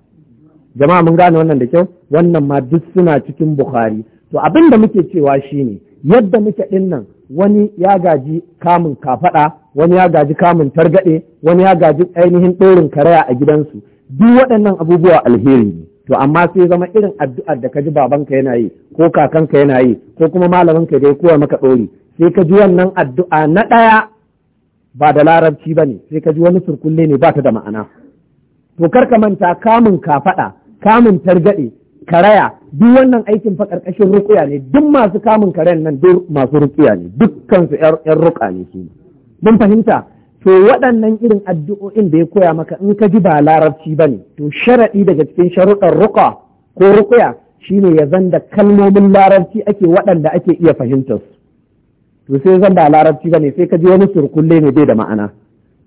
jama'a mun gane wannan da kyau wannan ma duk suna cikin bukhari to abin da muke cewa shine yadda muke ɗinnan wani ya gaji kamun kafada wani ya gaji kamun targade wani ya gaji ainihin ɗorin karaya a gidansu duk waɗannan abubuwa alheri ne to amma sai zama irin addu'ar da ka ji babanka yana yi ko kakanka yana yi ko kuma malaminka dai kowa maka ɗori sai kaji wannan addu'a na ɗaya ba da larabci ba ne sai ka ji wani surkulle ne ba ta da ma'ana to kar ka manta kamun kafaɗa. kamun targaɗe karaya duk wannan aikin fa ƙarƙashin rukuya ne duk masu kamun karayan nan duk masu rukuya ne dukkansu yan ruka ne su mun fahimta to waɗannan irin addu'o'in da ya koya maka in ka ji ba larabci ba ne to sharaɗi daga cikin sharuɗan ruka ko rukuya ne ya zan da kalmomin larabci ake waɗanda ake iya fahimtar su to sai zan ba larabci bane sai ka ji wani surkulle ne bai da ma'ana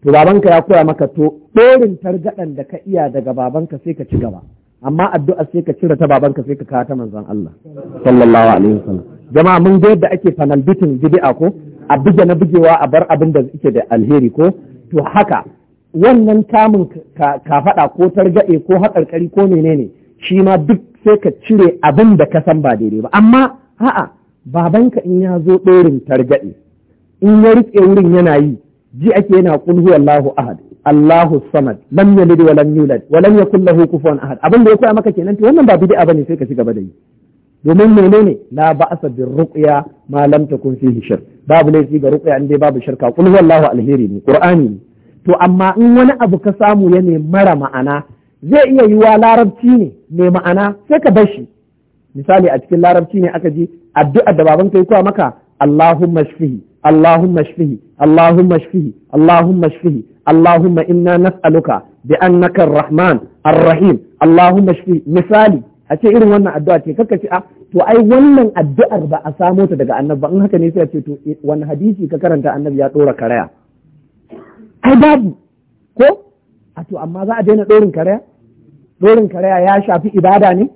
to babanka ya koya maka to ɗorin targaɗan da ka iya daga babanka sai ka ci gaba amma addu'a sai ka cire ta babanka sai ka kawo ta manzon Allah sallallahu alaihi wasallam jama'a mun ga yadda ake fanal bitin bid'a ko a buge na bugewa a bar abin da yake da alheri ko to haka wannan kamun ka faɗa ko targaɗe ko haƙarƙari ko menene shi ma duk sai ka cire abin da ka san ba daidai ba amma a'a babanka in ya zo ɗorin targaɗe in ya riƙe wurin yana yi ji ake yana ƙulhu Allahu ahad Allahu samad lam yalid wa lam yulad wa lam yakul lahu kufuwan ahad abin da ya koya maka kenan to wannan ba bid'a bane sai ka ci gaba da yi domin menene la ba'sa bir ruqya ma lam takun fihi shirk babu laifi ga ruqya inda babu shirka kul huwallahu alheri ne qur'ani ne to amma in wani abu ka samu ya ne mara ma'ana zai iya yiwa larabci ne mai ma'ana sai ka bar shi misali a cikin larabci ne aka ji addu'a da baban kai koya maka Allahumma shfihi Allahumma shfihi Allahumma shfihi Allahumma shfihi اللهم inna نسألك bi الرحمن الرحيم rahman اشفي rahim Allahumma misali irin wannan addu'a ce kaka ce a ah, to ai wannan addu'ar ba a samo ta daga annabi ba in haka ne sai ce to eh, wani hadisi ka karanta annabi ya dora karaya ai babu ko a to amma za a daina dorin karaya dorin karaya ya shafi ibada ne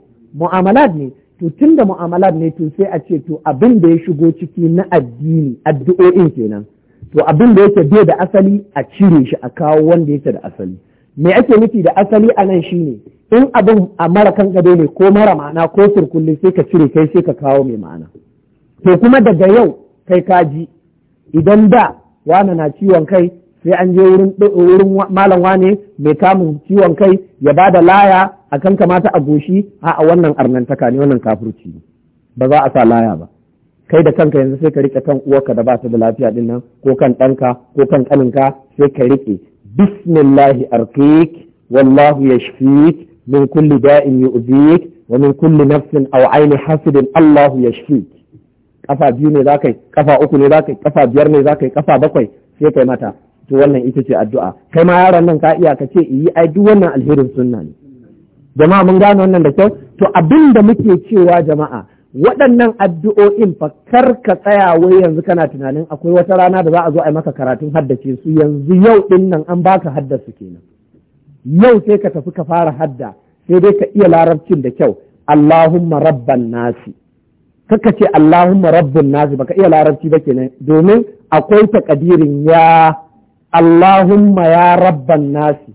mu'amalat ne to tunda mu'amalat ne to sai a ce to abin da ya shigo ciki na addini addu'o'in kenan to abin da yake bai da asali a cire shi a kawo wanda yake da asali me ake nufi da asali a nan shine in abin a mara kan gado ne ko mara ma'ana ko surkulle sai ka cire kai sai ka kawo mai ma'ana to kuma daga yau kai kaji idan da wane na ciwon kai sai an je wurin wurin malam wane mai kamun ciwon kai ya ba da laya akan kamata a goshi a wannan arnantaka ne wannan kafurci ba za a sa laya ba kai da kanka yanzu sai ka rike kan uwarka da ba ta da lafiya din nan ko kan ɗanka ko kan ƙaninka sai ka rike bismillahi arqiq wallahu yashfik min kulli da'in yu'zik wa min kulli nafsin aw aini hasidin Allahu yashfik kafa biyu ne za kai kafa uku ne za kafa biyar ne za kai kafa bakwai sai kai mata to wannan ita ce addu'a kai ma yaron nan ka iya ka ce yi ai duk wannan alherin sunna ne jama'a mun gane wannan da kyau to abinda muke cewa jama'a waɗannan addu'o'in fa kar ka tsaya wai yanzu kana tunanin akwai wata rana da za a zo a yi maka karatun haddace su yanzu yau ɗin nan an baka haddasu kenan yau sai ka tafi ka fara hadda sai dai ka iya larabcin da kyau Allahumma rabban nasi kaka ce Allahumma rabbun nasi baka iya larabci ba kenan domin akwai takadirin ya Allahumma ya rabban nasi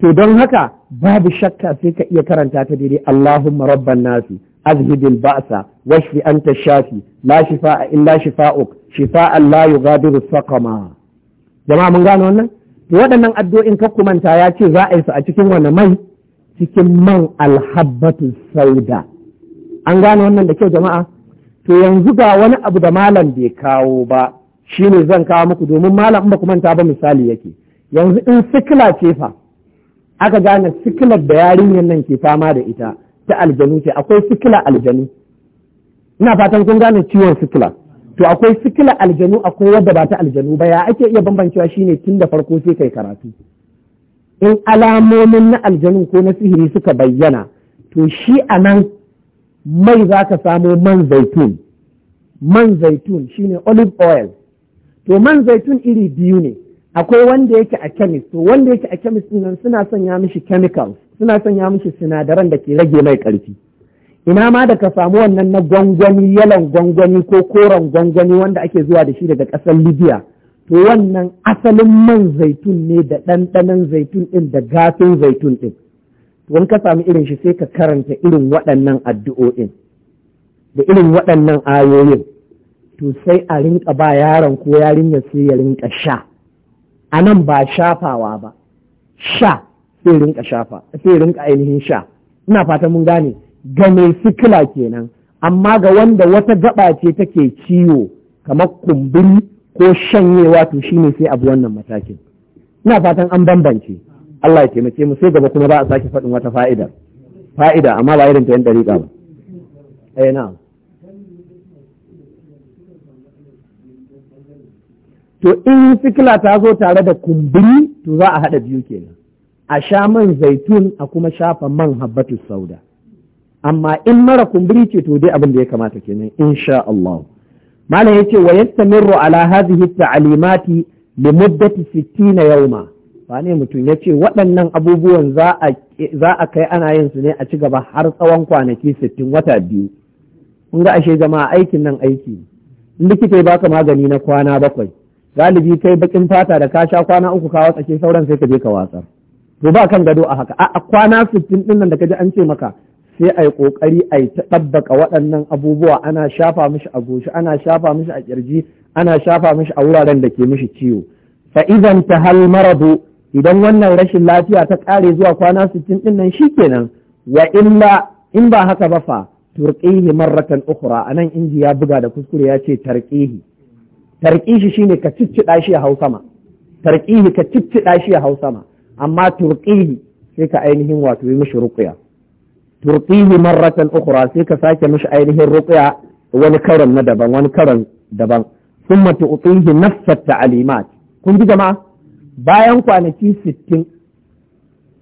to don haka babu shakka sai ka iya karanta ta daidai Allahumma rabban nasi أذهب البأس واشف أنت الشافي لا شفاء إلا شفاءك شفاء لا يغادر سقما جماعة من قالوا لنا waɗannan addu'o'in kakku manta ya ce za a yi su a cikin wani mai cikin man alhabbatu sauda an gane wannan da kyau jama'a to yanzu ga wani abu da malam bai kawo ba shine zan kawo muku domin malam in ba manta ba misali yake yanzu in sikila ce fa aka gane sikilar da yarinyar nan ke fama da ita ta aljanu ce akwai sikila aljanu ina fatan kun gane ciwon sikila to akwai sikila aljanu akwai wadda ba ta aljanu ba ya ake iya bambancewa shine tun da farko sai kai karatu in alamomin na aljanu ko na sihiri suka bayyana to shi a nan mai za ka samo man zaitun man zaitun shine olive oil to man zaitun iri biyu ne akwai wanda yake a chemist to wanda yake a chemist nan suna sanya mishi chemicals suna son ya mishi sinadaran da ke rage mai ƙarfi ina ma da ka samu wannan na gwangwani yalan gwangwani ko koren gwangwani wanda ake zuwa da shi daga ƙasar libya to wannan asalin man zaitun ne da ɗanɗanon zaitun ɗin da gafin zaitun ɗin To wani ka sami irin shi sai ka karanta irin waɗannan addu'o'in da irin waɗannan ayoyin to sai a rinka ba yaron ko yarinya sai ya rinka sha a nan ba shafawa ba sha sai rinka shafa sai rinka ainihin sha ina fata mun gane ga mai sikila kenan amma ga wanda wata gaba ce take ciwo kamar kumburi ko shanyewa to shine sai abu wannan matakin ina fatan an bambance Allah ya taimake mu sai gaba kuma za a sake faɗin wata fa'ida fa'ida amma ba irin ta yan dariƙa ba eh na to in sikila ta zo tare da kumburi to za a haɗa biyu kenan a sha man zaitun a kuma shafa man habbatu sauda amma in mara kumburi ce to dai abin da ya kamata kenan insha Allah malam yace wa yastamirru ala hadhihi ta'limati li muddati 60 yawma ba ne mutum yace waɗannan abubuwan za a kai ana yin su ne a ci gaba har tsawon kwanaki sittin, wata biyu kun ga ashe jama'a aikin nan aiki In likita ya baka magani na kwana bakwai galibi kai bakin fata da ka sha kwana uku ka watsa ke sauran sai ka je ka watsar gobe kan gado a haka a kwana sittin din nan da kaji an ce maka sai ai kokari ai tabbaka waɗannan abubuwa ana shafa mishi a goshi ana shafa mishi a kirji ana shafa mishi a wuraren da ke mishi ciwo fa idan tahal maradu idan wannan rashin lafiya ta kare zuwa kwana sittin din nan shikenan wa illa in ba haka ba fa turqihi marratan ukhra anan inji ya buga da kuskure ya ce tarqihi tarqihi shine ka ciccida shi a Hausa ma tarqihi ka ciccida shi a Hausa ma amma turqihi sai ka ainihin wato yi mishi ruqya turqihi marratan ukhra sai ka sake mishi ainihin ruqya wani karon na daban wani karon daban thumma tu'tihi nafsa ta'limat kun ji jama'a bayan kwanaki sittin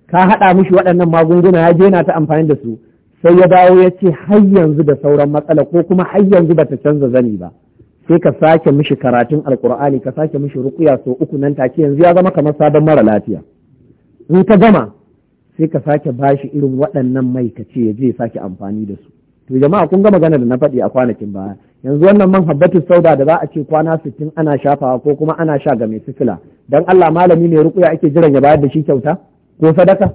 ka haɗa mishi waɗannan magunguna ya je na ta amfani da su sai ya dawo ya ce har yanzu da sauran matsala ko kuma har yanzu bata canza zani ba sai ka sake mishi karatun alkur'ani ka sake mishi ruqya so uku nan take yanzu ya zama kamar sabon mara lafiya in ka gama sai ka sake bashi irin waɗannan mai ka ce ya je sake amfani da su to jama'a kun ga magana da na faɗi a kwanakin baya yanzu wannan man habbatu sauda da za a ce kwana sittin ana shafawa ko kuma ana sha ga mai sifila dan Allah malami mai rukuya ake jiran ya bayar da shi kyauta ko sadaka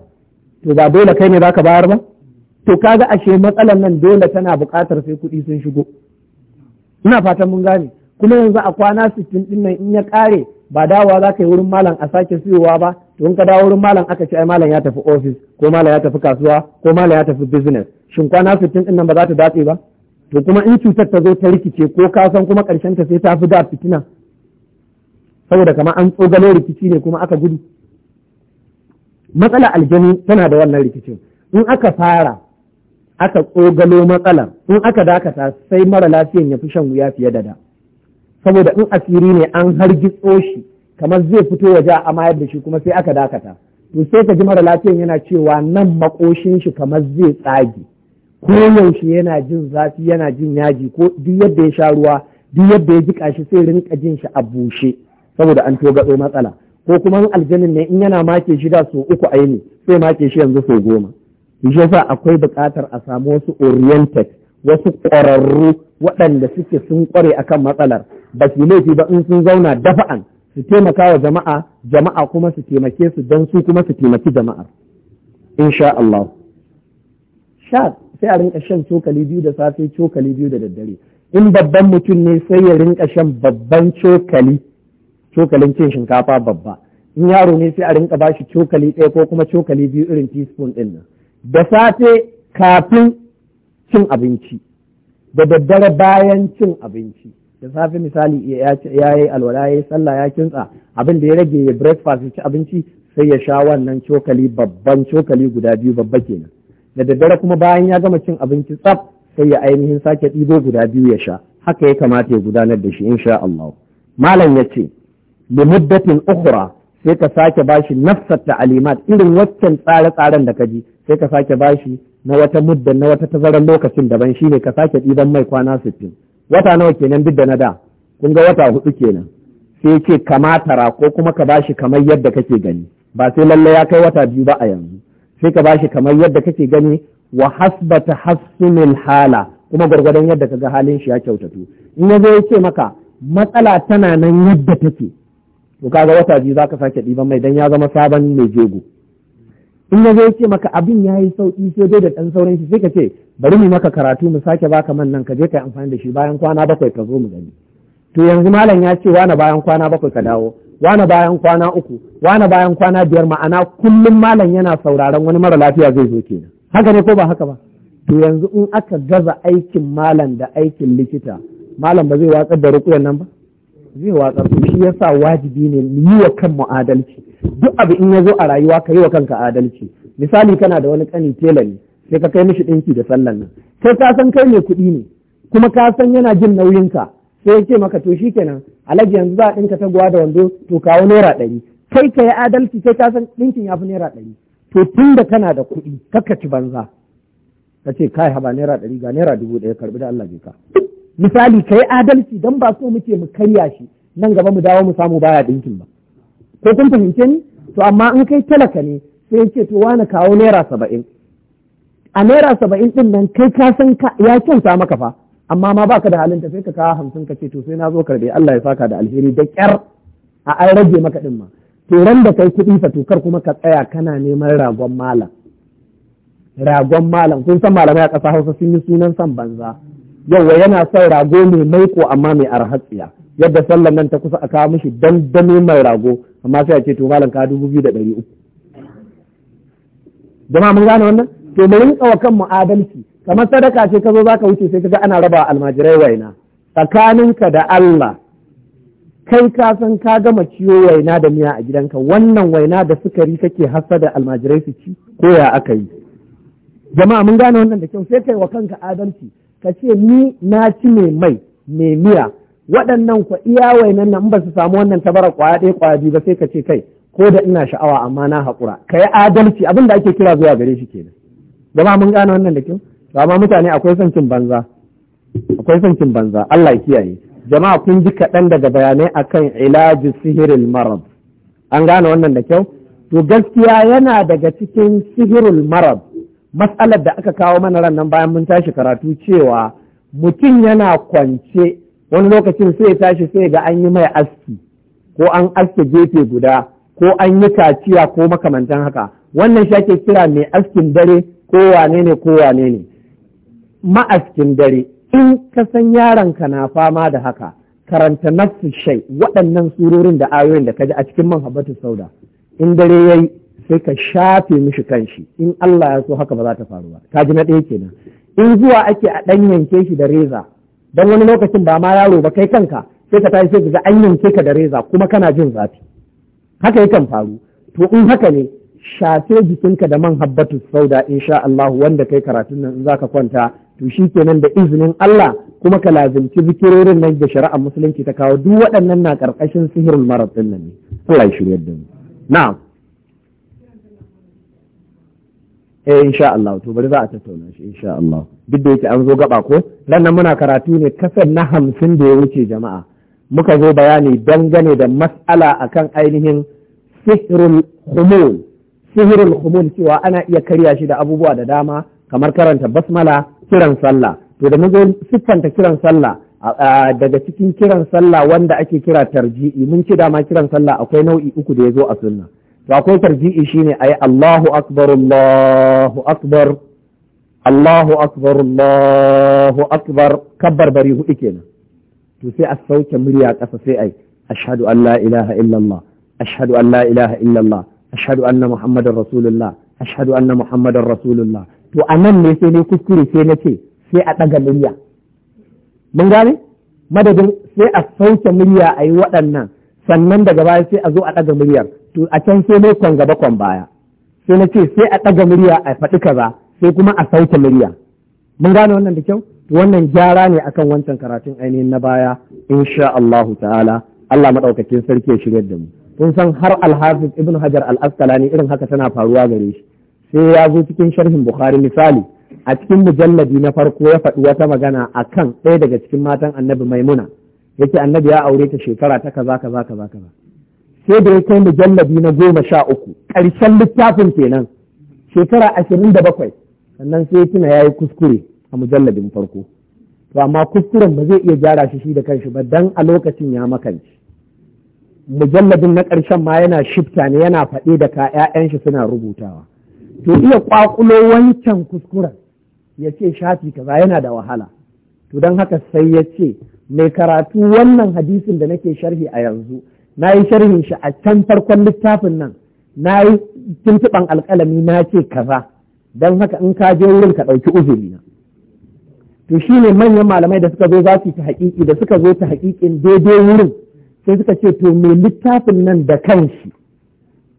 to ba dole kai ne zaka bayar ba to ga ashe matsalar nan dole tana buƙatar sai kuɗi sun shigo ina fatan mun gane kuma yanzu a kwana sittin ɗin nan in ya ƙare ba dawowa za ka yi wurin malam a sake siyowa ba tun ka dawo wurin malam aka ce ai malam ya tafi office ko malam ya tafi kasuwa ko malam ya tafi business shin kwana sittin din nan ba za ta dace ba to kuma in cutar ta zo ta rikice ko ka san kuma karshen ta sai ta fi da fitina saboda kamar an tsogalo rikici ne kuma aka gudu matsala aljani tana da wannan rikicin in aka fara aka tsogalo matsala, in aka dakata sai mara lafiyan ya fi shan wuya fiye da da saboda in asiri ne an hargitso shi kamar zai fito waje a mayar da shi kuma sai aka dakata to sai ka ji mara lafiyan yana cewa nan makoshin shi kamar zai tsage ko yaushe yana jin zafi yana jin yaji ko duk yadda ya sha ruwa duk yadda ya jika shi sai rinka jin shi a bushe saboda an to gaɗo matsala ko kuma in aljanin ne in yana make shi da so uku aini sai make shi yanzu so goma shi yasa akwai buƙatar a samu wasu oriented wasu ƙwararru waɗanda suke sun ƙware akan matsalar ba su laifi ba in sun zauna dafa'an su taimaka wa jama'a jama'a kuma su taimake su don su kuma su taimaki jama'a insha Allah sha sai a rinka shan cokali biyu da safe cokali biyu da daddare in babban mutum ne sai ya rinka shan babban cokali cokalin cin shinkafa babba in yaro ne sai a rinka bashi cokali ɗaya ko kuma cokali biyu irin teaspoon ɗin nan da safe kafin cin abinci da daddare bayan cin abinci da safe misali ya yi alwala ya yi sallah ya kintsa abin da ya rage ya breakfast ya ci abinci sai ya sha wannan cokali babban cokali guda biyu babba kenan da daddare kuma bayan ya gama cin abinci tsaf sai ya ainihin sake ɗibo guda biyu ya sha haka ya kamata ya gudanar da shi insha Allah malam ya ce muddatin ukhra sai ka sake bashi nafsar ta'alimat irin waccan tsare-tsaren da ka ji sai ka sake bashi na wata mudda na wata tazarar lokacin daban shine ka sake ɗiban mai kwana sittin wata nawa kenan duk da na da kun ga wata hudu kenan sai ya kamatara ko kuma ka bashi kamar yadda kake gani ba sai lalle ya kai wata biyu ba a yanzu sai ka bashi kamar yadda kake gani wa hasbata hasumil hala kuma gwargwadon yadda ka ga halin shi ya kyautatu in ya zo ya ce maka matsala tana nan yadda take to kaga wata biyu zaka sake ɗiban mai dan ya zama sabon mai jego in ya zo ya ce maka abin ya yi sauƙi sai dai da ɗan sauran shi sai ka ce bari mu maka karatu mu sake baka man nan ka je ka amfani da shi bayan kwana bakwai ka zo mu gani to yanzu malam ya ce wani bayan kwana bakwai ka dawo wani bayan kwana uku wani bayan kwana biyar ma'ana kullum malam yana sauraron wani mara lafiya zai zo kenan haka ne ko ba haka ba to yanzu in aka gaza aikin malam da aikin likita malam ba zai watsar da rukuyan nan ba zai watsar to shi yasa wajibi ne mu yi wa kanmu adalci duk abu in ya zo a rayuwa ka yi wa kanka adalci misali kana da wani kani tela ne sai ka kai mishi ɗinki da sallan nan sai ka san kai mai kuɗi ne kuma ka san yana jin nauyinka sai ya ce maka to shi kenan alhaji yanzu za a ɗinka ta taguwa da wando to kawo naira ɗari kai ka yi adalci sai ka san ɗinkin ya fi naira ɗari to tun da kana da kuɗi kakka ci banza ka ce kai haba naira ɗari ga naira dubu ɗaya karɓi da Allah ka misali ka yi adalci don ba so muke mu karya shi nan gaba mu dawo mu samu baya ɗinkin ba ko kun fahimce ni to amma in kai talaka ne sai ya ce to wani kawo naira saba'in a naira saba'in ɗin nan kai ka san ya kyauta maka fa amma ma baka da halin sai ka kawo hamsin ka ce to sai na zo karbe Allah ya saka da alheri da kyar a an rage maka ɗin ma to ran da kai kuɗi fa tokar kuma ka tsaya kana neman ragon malam ragon malam kun san malamai a ƙasa Hausa sun yi sunan san banza yauwa yana son rago mai maiko amma mai arhatsiya yadda sallan nan ta kusa a kawo mishi dandamin mai rago amma sai a ce to malam ka dubu biyu da ɗari uku jama'a mun gane wannan to mu rinka wa kanmu adalci kamar sadaka ce ka zo za ka wuce sai ka kaga ana raba almajirai waina tsakaninka da Allah kai ka san ka gama ciwo waina da miya a gidanka wannan waina da sukari kake hasa da almajirai su ci ko ya aka yi jama'a mun gane wannan da kyau sai kai wa kanka adalci ka ce ni na ci mai mai mai miya waɗannan ku iya wainan nan ba su samu wannan tabara kwaya ɗaya kwaya biyu ba sai ka ce kai ko da ina sha'awa amma na haƙura ka yi adalci abin da ake kira zuwa gare shi kenan zama mun gane wannan da kyau amma mutane akwai son cin banza akwai son cin banza Allah ya kiyaye jama'a kun ji kaɗan daga bayanai akan ilaji sihirin marab an gane wannan da kyau to gaskiya yana daga cikin sihirin marab matsalar da aka kawo mana ran nan bayan mun tashi karatu cewa mutum yana kwance wani lokacin sai tashi sai ga an yi mai aski ko an aske gefe guda ko an yi kaciya ko makamantan haka wannan shi ake kira mai askin dare ko wane ne ko wane ne ma'askin dare in ka san yaronka na fama da haka karanta nafsu shai waɗannan surorin da ayoyin da ka ji a cikin manhabatu sauda in dare yayi sai ka shafe mishi kanshi in Allah ya so haka ba za ta faru ba ka ji na ɗaya kenan in zuwa ake a ɗan yanke shi da reza don wani lokacin ba ma yaro ba kai kanka sai ka tashi sai ka ga an yanke ka da reza kuma kana jin zafi haka yakan faru to in haka ne shafe jikinka da man habbatu sauda insha Allah wanda kai karatun nan za ka kwanta to shi kenan da izinin Allah kuma ka lazimci zikirorin nan da shari'ar musulunci ta kawo duk waɗannan na ƙarƙashin sihirul marar ɗin nan Allah ya shirya da mu na'am eh insha Allah to bari za a tattauna shi insha Allah duk da yake an zo gaba ko nan muna karatu ne kasan na hamsin da ya wuce jama'a muka zo bayani dangane da mas'ala akan ainihin sihirin humul sihirul humul cewa ana iya karya shi da abubuwa da dama kamar karanta basmala kiran sallah to da mazo siffanta kiran sallah daga cikin kiran sallah wanda ake kira tarji'i mun ci dama kiran sallah akwai nau'i uku da ya zo a sunna to akwai tarji'i shine ayi Allahu akbar Allahu akbar Allahu akbar Allahu akbar kabbar bari hudu kenan to sai a sauke murya ƙasa sai ai ashhadu an la ilaha illallah ashhadu an la ilaha illallah ashhadu anna muhammadar rasulullah ashhadu anna muhammadar rasulullah to a nan ne sai ne kuskure sai na ce sai a ɗaga murya mun gane madadin sai a sauke murya a yi waɗannan sannan daga baya sai a zo a ɗaga muryar to a can sai ne kwan gaba kwan baya sai na ce sai a ɗaga murya a faɗi kaza sai kuma a sauke murya mun gane wannan da kyau wannan gyara ne akan wancan karatun ainihin na baya insha Allahu ta'ala Allah maɗaukakin sarki ya shigar da mu kun san har alhafiz ibn hajar al-asqalani irin haka tana faruwa gare shi sai ya zo cikin sharhin bukhari misali a cikin mujalladi na farko ya faɗi wata magana akan ɗaya daga cikin matan annabi maimuna yake annabi ya aure ta shekara ta kaza kaza kaza kaza sai da ya kai mujalladi na goma sha uku ƙarshen littafin kenan shekara ashirin da bakwai sannan sai ya tuna ya yi kuskure a mujalladin farko to amma kuskuren ba zai iya gyara shi shi da kanshi ba dan a lokacin ya makance mujalladin na ƙarshen ma yana shifta ne yana faɗi da ka 'ya'yan shi suna rubutawa to iya ƙwaƙulo wancan kuskuren ya ce shafi kaza yana da wahala to don haka sai ya ce mai karatu wannan hadisin da nake sharhi a yanzu na yi sharhin shi a can farkon littafin nan na yi tuntuɓan alƙalami na ce kaza don haka in ka je wurin ka ɗauki uzuri na to shine manyan malamai da suka zo za su ta haƙiƙi da suka zo ta haƙiƙin daidai wurin sai suka ce to mai littafin nan da kanshi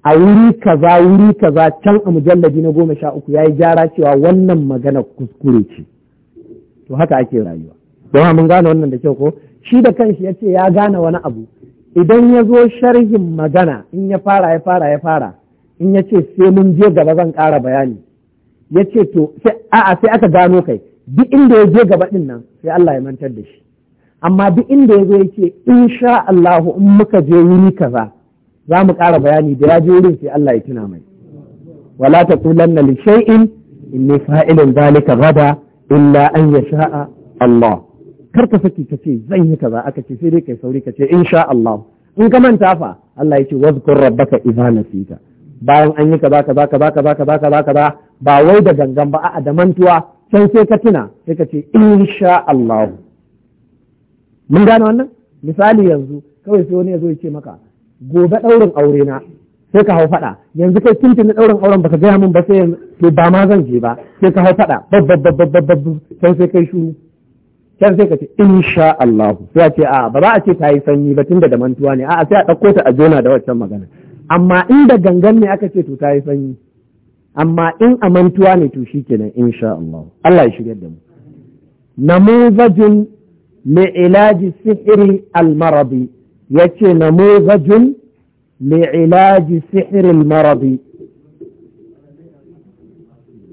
a wuri kaza wuri kaza can a mujalladi na goma sha uku ya yi gyara cewa wannan magana kuskure ce to haka ake rayuwa don mun gane wannan da kyau ko shi da kanshi ya ce ya gane wani abu idan ya zo sharhin magana in ya fara ya fara ya fara in ya ce sai mun je gaba zan ƙara bayani ya ce to sai aka gano kai duk inda ya je gaba ɗin nan sai Allah ya mantar da shi amma duk inda ya zo yake insha Allahu in muka je wuri kaza za mu ƙara bayani da ya je wurin sai Allah ya tuna mai wala taqulanna li shay'in inni fa'ilun zalika gada illa an yasha'a Allah kar ka saki ce, zan yi kaza aka ce sai dai kai sauri kace insha Allah in ka manta fa Allah yake wazkur rabbaka idza nasita bayan an yi kaza kaza kaza kaza kaza kaza kaza ba wai da gangan ba a'a da mantuwa can sai ka tuna sai ka ce insha Allah mun gane wannan misali yanzu kawai sai wani ya zo ya ce maka gobe ɗaurin aure na sai ka hau faɗa yanzu kai kin tuni ɗaurin auren baka gaya min ba sai yanzu to ba ma zan je ba sai ka hau faɗa babbab babbab sai kai shuru can sai ka ce insha Allah sai a ce a ba za a ce ta yi sanyi ba tunda da mantuwa ne a'a sai a ɗauko ta a jona da waccan magana amma in da gangan ne aka ce to ta yi sanyi amma in a mantuwa ne to shi kenan insha Allah Allah ya shigar da mu Namu namuzajin li'ilaji sihiri almarabi ya ce na mozajin li'ilaji sihiri almarabi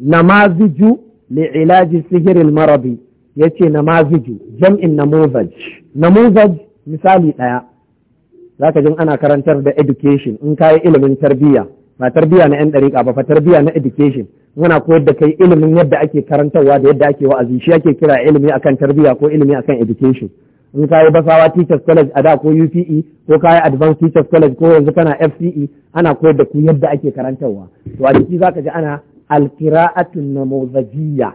namaziju li'ilaji sihiri almarabi ya ce namaziju jam'in namozaj namozaj misali ɗaya za ka jin ana karantar da education in kayi ilimin tarbiyya ba tarbiya na yan ɗariƙa ba fa tarbiya na education muna koyar da kai ilimin yadda ake karantarwa da yadda ake wa'azi shi ake kira ilimi akan tarbiya ko ilimi akan education in kayi basawa teachers college a da ko UPE ko kaya advanced teachers college ko yanzu kana FCE ana koyar da ku yadda ake karantarwa to a ciki zaka ji ana alqira'atun namuzajiyya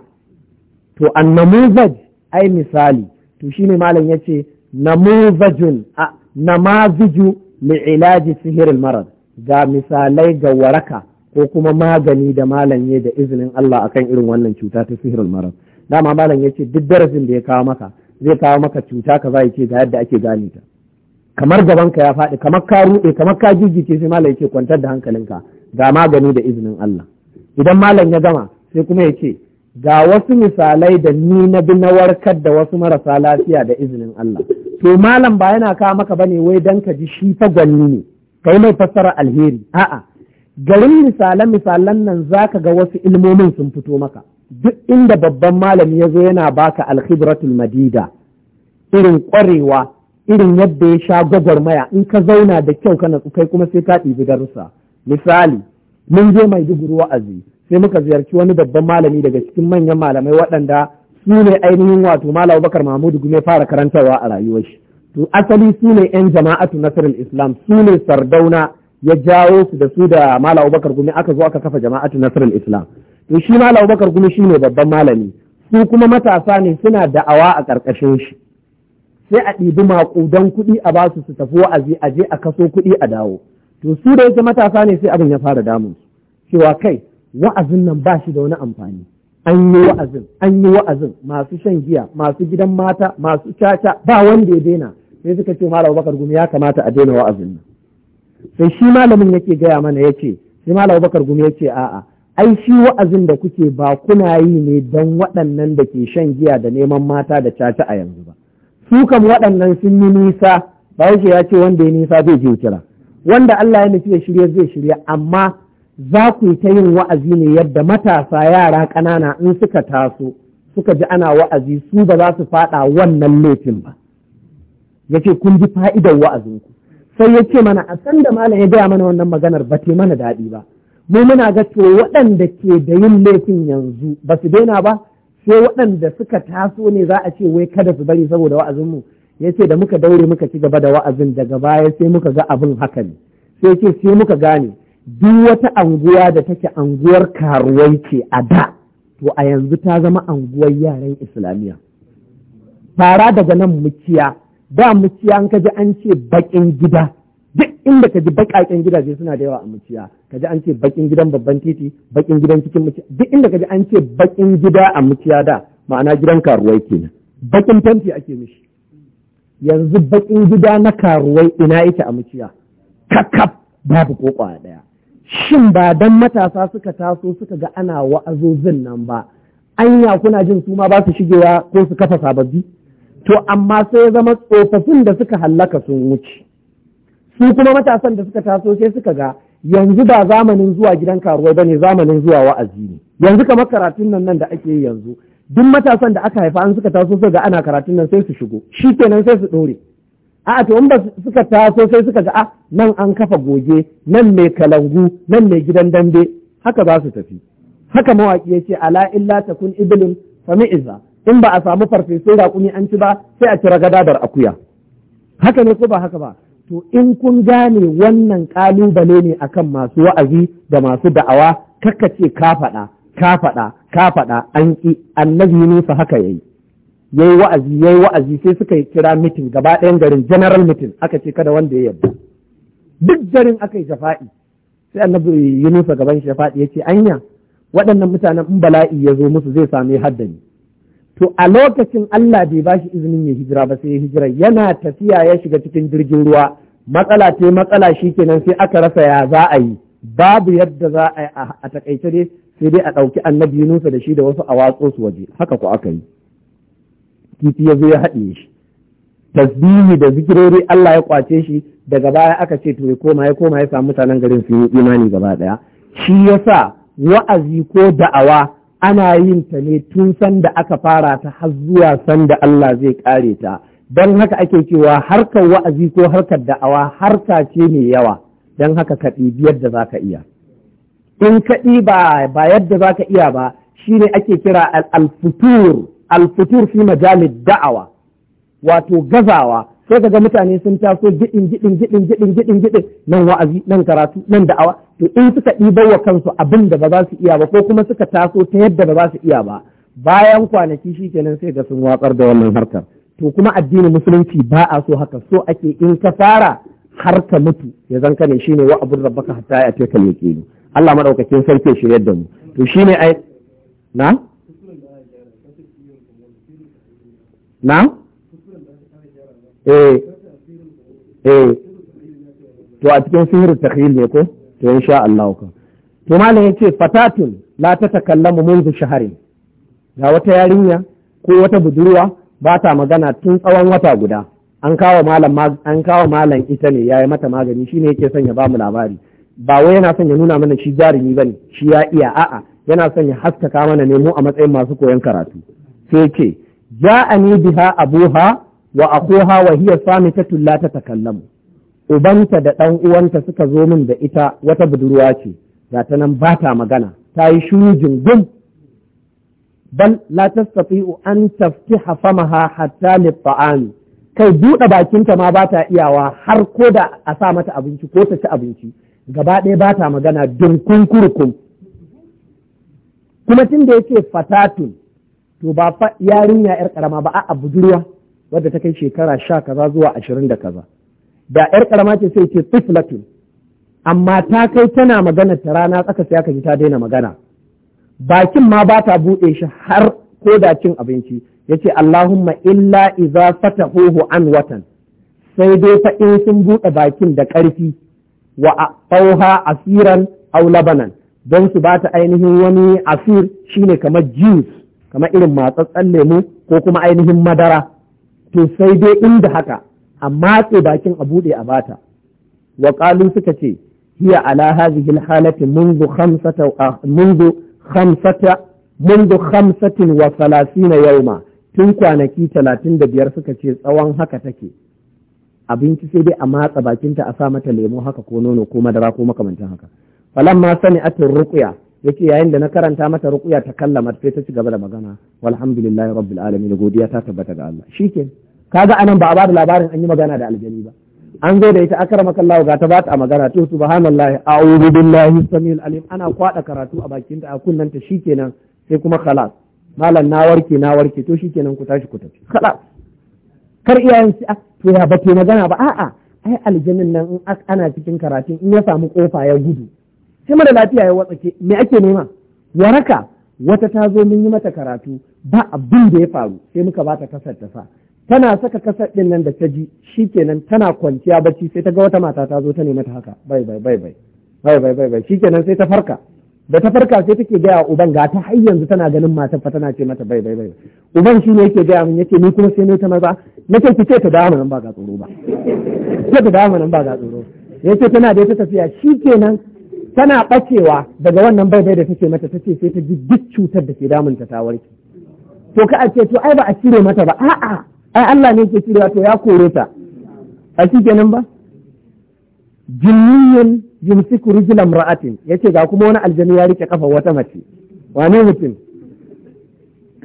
to an namuzaj ai misali to shine malam yace namuzajun a namaziju li ilaji sihirin marad ga misalai ga waraka ko kuma magani da malam ya da izinin Allah akan irin wannan cuta ta sihirul marar dama malam ya ce duk darasin da ya kawo maka zai kawo maka cuta ka za ce ga yadda ake gane ta kamar gaban ka ya faɗi kamar ka ruɗe kamar ka jijjice sai malam ya ce kwantar da hankalinka ga magani da izinin Allah idan malam ya gama sai kuma ya ce ga wasu misalai da ni na bi na warkar da wasu marasa lafiya da izinin Allah to malam ba yana kawo maka bane wai dan ka ji shi fa gwanni ne kai mai fassara alheri a'a garin misalan misalan nan zaka ga wasu ilmomin sun fito maka duk inda babban malami ya zo yana baka alkhibratul madida irin ƙwarewa irin yadda ya sha gwagwarmaya in ka zauna da kyau ka natsu kai kuma sai ka ɗibi darussa misali mun je mai duguru wa'azi sai muka ziyarci wani babban malami daga cikin manyan malamai waɗanda su ne ainihin wato malam bakar mahmud gume fara karantarwa a rayuwar shi to asali su ne yan jama'atu nasarar islam su ne sardauna ya jawo su da su da mala abubakar gumi aka zo aka kafa jama'atu nasarar islam to shi mala abubakar gumi shi ne babban malami su kuma matasa ne suna da'awa a ƙarƙashin shi sai a ɗibi maƙudan kuɗi a ba su su tafi wa'azi a je a kaso kuɗi a dawo to su da yake matasa ne sai abin ya fara damun Su cewa kai wa'azin nan ba shi da wani amfani an yi wa'azin an yi wa'azin masu shan giya masu gidan mata masu caca ba wanda ya daina sai suka ce malam Abubakar Gumi ya kamata a daina wa'azin nan sai shi malamin yake gaya mana ya ce sai malam Abubakar Gumi ce a'a ai shi wa'azin da kuke ba kuna yi ne don waɗannan da ke shan giya da neman mata da caca a yanzu ba su waɗannan sun yi nisa ba ya ce wanda ya nisa zai je kira wanda Allah ya nufi ya shirya zai shirya amma za ku yi ta yin wa'azi ne yadda matasa yara ƙanana in suka taso suka ji ana wa'azi su ba za su faɗa wannan laifin ba ya ce kun ji fa'idar wa'azinku sai ya ce mana a san da malam ya gaya mana wannan maganar ba ta mana daɗi ba mu muna ga to waɗanda ke da yin laifin yanzu ba su daina ba sai waɗanda suka taso ne za a ce wai kada su bari saboda wa'azinmu ya ce da muka daure muka ci gaba da wa'azin daga baya sai muka ga abin haka ne sai ce sai muka gane duk wata anguwa da take anguwar karuwai ce a da to a yanzu ta zama anguwar yaran islamiyya fara daga nan muciya da muciya an kaji an ce bakin gida duk inda ka ji baƙaƙen gidaje suna da yawa a muciya ji an ce bakin gidan babban titi bakin gidan cikin muciya duk inda ka ji an ce bakin gida a muciya da ma'ana gidan karuwai kenan baƙin fenti ake mishi yanzu baƙin gida na karuwai ina yake a muciya kakaf babu ko ɗaya. shin ba don matasa suka taso suka ga ana wa'azozin nan ba anya kuna jin su ma ba su shigewa ko su kafa sababbi to amma sai ya zama tsofaffin da suka hallaka sun wuce su kuma matasan da suka taso sai suka ga yanzu ba zamanin zuwa gidan karuwai bane zamanin zuwa wa'azi ne yanzu kamar karatun nan nan da ake yi yanzu duk matasan da aka haifa an suka taso suka ga ana karatun nan sai su shigo shikenan sai su ɗore. a to in ba suka taso sai suka ga a ah, nan an kafa goge nan mai kalangu nan mai gidan dambe haka za su tafi haka mawaƙi ya ce ala illa takun ibilin sami iza in ba a samu farfesun raƙumi an ci ba sai a cira gadadar akuya haka ne ko ba haka ba to in kun gane wannan ƙalubale ne akan masu wa'azi da masu da'awa kaka ce ka faɗa ka faɗa ka faɗa an ƙi annabi Yunus haka yayi yayi wa'azi yayi wa'azi sai suka yi kira mitin gaba ɗayan garin general mitin aka ce kada wanda ya yarda duk garin aka yi shafa'i sai annabi Yunusa gaban shafa'i Ya ce anya waɗannan mutanen in bala'i ya zo musu zai same haddani to a lokacin Allah bai ba shi izinin ya hijira ba sai ya hijira yana tafiya ya shiga cikin jirgin ruwa matsala ce matsala shi kenan sai aka rasa ya za a yi babu yadda za a yi a takaice dai sai dai a ɗauki annabi Yunusa da shi da wasu a watso su waje haka ku aka yi kifi ya zo ya haɗe shi tasbihi da zikirori Allah ya kwace shi daga baya aka ce to ya koma ya koma ya samu mutanen garin su yi imani gaba ɗaya shi yasa wa'azi ko da'awa ana yin ta ne tun sanda aka fara ta har zuwa sanda Allah zai kare ta don haka ake cewa harkar wa'azi ko harkar da'awa harka ce mai yawa don haka ka ɗibi yadda za ka iya in ka ɗiba ba yadda za ka iya ba shi shine ake kira al-futur alfutur fi majalid da'awa wato gazawa sai kaga mutane sun taso gidin gidin gidin gidin gidin gidin nan wa'azi nan karatu nan da'awa to in suka ɗibar wa kansu abin da ba za su iya ba ko kuma suka taso ta yadda ba za su iya ba bayan kwanaki shi kenan sai ga sun watsar da wannan harkar to kuma addinin musulunci ba a so haka so ake in ka fara har ka mutu ya zan kane shine wa abun rabbaka hatta ya ce kal yaqin Allah madaukakin sarki shi yadda mu to shine ai na na? eh eh to a cikin sihir takhil ne ko to insha Allah ka to malam yace fatatun la tatakallamu منذ shaharin ga wata yarinya ko wata budurwa ba ta magana tun tsawon wata guda an kawo malam an kawo malam ita ne yayi mata magani shine yake sanya ya bamu labari ba wai yana son ya nuna mana shi jarumi bane shi ya iya a'a yana son ya haskaka mana ne mu a matsayin masu koyon karatu sai ce ja'ani biha abuha wa akuha wa hiya samitatu la tatakallamu ubanta da ɗan uwanta suka zo min da ita wata budurwa ce ga ta nan ba ta magana ta yi shuru jingum bal la tastati'u an taftiha famaha hatta lit-ta'am kai buɗe bakinta ma ba ta iyawa har ko da a sa mata abinci ko ta ci abinci gaba ɗaya ba ta magana dunkun kurkum kuma tun da yake fatatun to ba fa yarinya yar karama ba a budurwa wadda ta kai shekara sha kaza zuwa ashirin da kaza da yar karama ce sai ce tiflatun amma ta kai tana magana ta rana tsaka sai aka ji ta daina magana bakin ma ba ta buɗe shi har ko da cin abinci yace Allahumma illa idza hoho an watan sai dai fa in sun buɗe bakin da ƙarfi wa fauha asiran aw labanan don su ba ta ainihin wani asir shine kamar juice kamar irin matsatsen lemu ko kuma ainihin madara to sai dai inda haka a matse bakin a buɗe a bata wa suka ce hiya ala hadhihi halati منذ خمسة منذ خمسة منذ na yau ma. tun kwanaki talatin da biyar suka ce tsawon haka take abinci sai dai a matsa bakinta a sa mata lemo haka ko nono ko madara ko makamantan haka falamma sani atin ruqya yace yayin da na karanta mata rukuya ta kallama sai ta ci gaba da magana walhamdulillahi rabbil alamin godiya ta tabbata ga Allah shikenan kaga anan ba a bada labarin an yi magana da aljani ba an zo da ita akramaka Allah ga ta ba ta magana to subhanallahi a'udhu billahi samil alim ana kwada karatu a bakin ta a kunnan ta shikenan sai kuma khalas malam na warke na warke to shikenan ku tashi ku tafi khalas kar iyayen su ah, to ya ba magana ba a'a ai aljanin nan in ana cikin karatun in ya samu kofa ya gudu sai mara lafiya ya watsake me ake nema waraka wata ta zo mun yi mata karatu ba abin da ya faru sai muka ba ta kasar ta sa tana saka kasar din nan da ta ji shikenan tana kwanciya bacci sai ta ga wata mata ta zo ta nema ta haka bai bai bai bai bai bai bai bai shikenan sai ta farka da ta farka sai take gaya uban ga ta har yanzu tana ganin matar fa tana ce mata bai bai bai uban shi ne yake gaya min yake ni kuma sai ne ta maza nake ki ce ta dama nan ba ga tsoro ba ce ta dama nan ba ga tsoro yake tana da ta tafiya shikenan tana ɓacewa daga wannan baibai da take mata ce sai ta ji duk cutar da ke damunta ta ta warke to ka a ce to ai ba a cire mata ba a'a ai Allah ne ke cirewa to ya kore ta a kenan ba jinniyin yumsiku rijlan ra'atin ce ga kuma wani aljani ya rike kafa wata mace wane mutum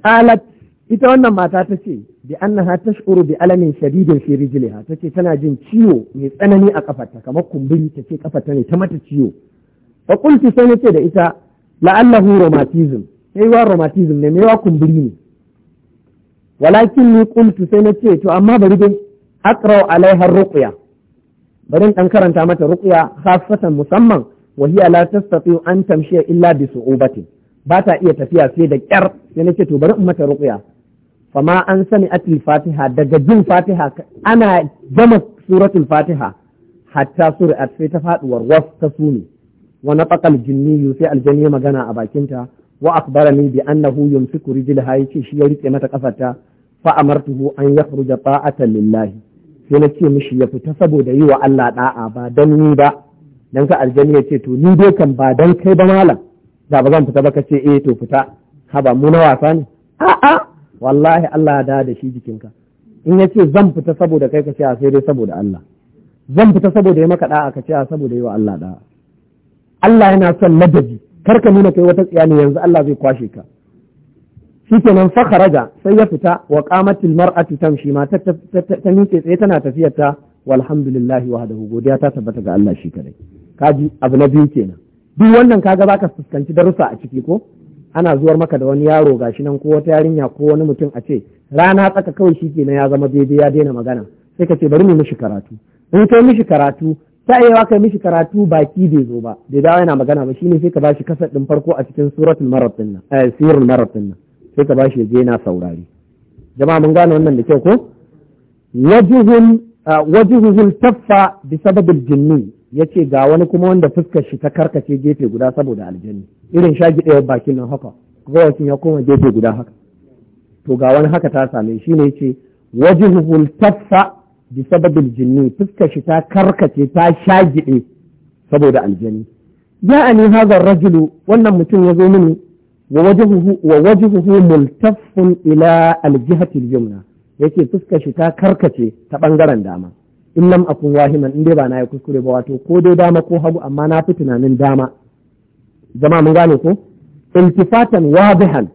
Ƙalat, ita wannan mata ta ce bi annaha shuru bi alamin shadidin fi ta ce tana jin ciwo mai tsanani a kafarta kamar kumburi ta ce kafarta ne ta mata ciwo fa kulti sai nace da ita la'allahu rheumatism sai wa rheumatism ne mewa kumburi ne walakin ni qultu sai nace to amma bari dai aqra alaiha ruqya bari dan karanta mata ruqya khafatan musamman wa hiya la tastati an tamshiya illa bi su'ubati ba ta iya tafiya sai da kyar sai nace to bari in mata ruqya fama an sani atil fatiha daga jin fatiha ana gama suratul fatiha hatta sur'at sai ta faduwar wasu, ta suni wa nafaqa al-jinni sai aljanni magana a bakinta wa akhbarani bi annahu yumsiku rijlaha yace shi ya riƙe mata kafarta fa amartuhu an yakhruja ta'atan lillahi sai na ce mishi ya fita saboda yi wa Allah da'a ba dan ni ba dan ka ya ce to ni dai kan ba dan kai ba malam da ba zan fita ba ka ce eh to fita haba mu na wasa ne a'a wallahi Allah da da shi jikinka in ya ce zan fita saboda kai ce a sai dai saboda Allah zan fita saboda yi maka da'a ce a saboda yi wa Allah da'a Allah yana son ladabi kar ka nuna kai wata tsiya ne yanzu Allah zai kwashe ka shikenan fa kharaja sai ya fita wa qamatil mar'atu tamshi ma ta miƙe tsaye tana tafiyar ta walhamdulillahi wahdahu godiya ta tabbata ga Allah shi kadai kaji abu na biyu kenan duk wannan kaga baka fuskanci darussa a ciki ko ana zuwar maka da wani yaro gashi nan ko wata yarinya ko wani mutum a ce rana tsaka kawai shi kenan ya zama daidai ya daina magana sai ka ce bari mu mishi karatu in kai mishi karatu ta iya kai mishi karatu baki bai zo ba bai dawo yana magana ba shine sai ka bashi kasar din farko a cikin suratul marad nan eh sirrul marad nan sai ka bashi je yana saurari jama'a mun gane wannan da kyau ko wajhun ah, wajhuhul taffa bi sababil jinni yace ga wani kuma wanda fuskar shi ta karkace gefe guda saboda aljanni irin shagi ɗaya bakin nan haka gawacin ya koma gefe guda haka to ga wani haka ta same shi ne yace wajhuhul taffa bisababil jinni fuskar shi ta karkace ta shagiɗe saboda aljani ja'ani hadha rajulu wannan mutum ya zo mini wa wajhuhu wa wajhuhu multaffun ila aljihati aljumna yake fuskar shi ta karkace ta ɓangaren dama in lam akun wahiman in dai ba na yi kuskure ba wato ko dai dama ko hagu amma na fi tunanin dama zama mun gane ko iltifatan wadihan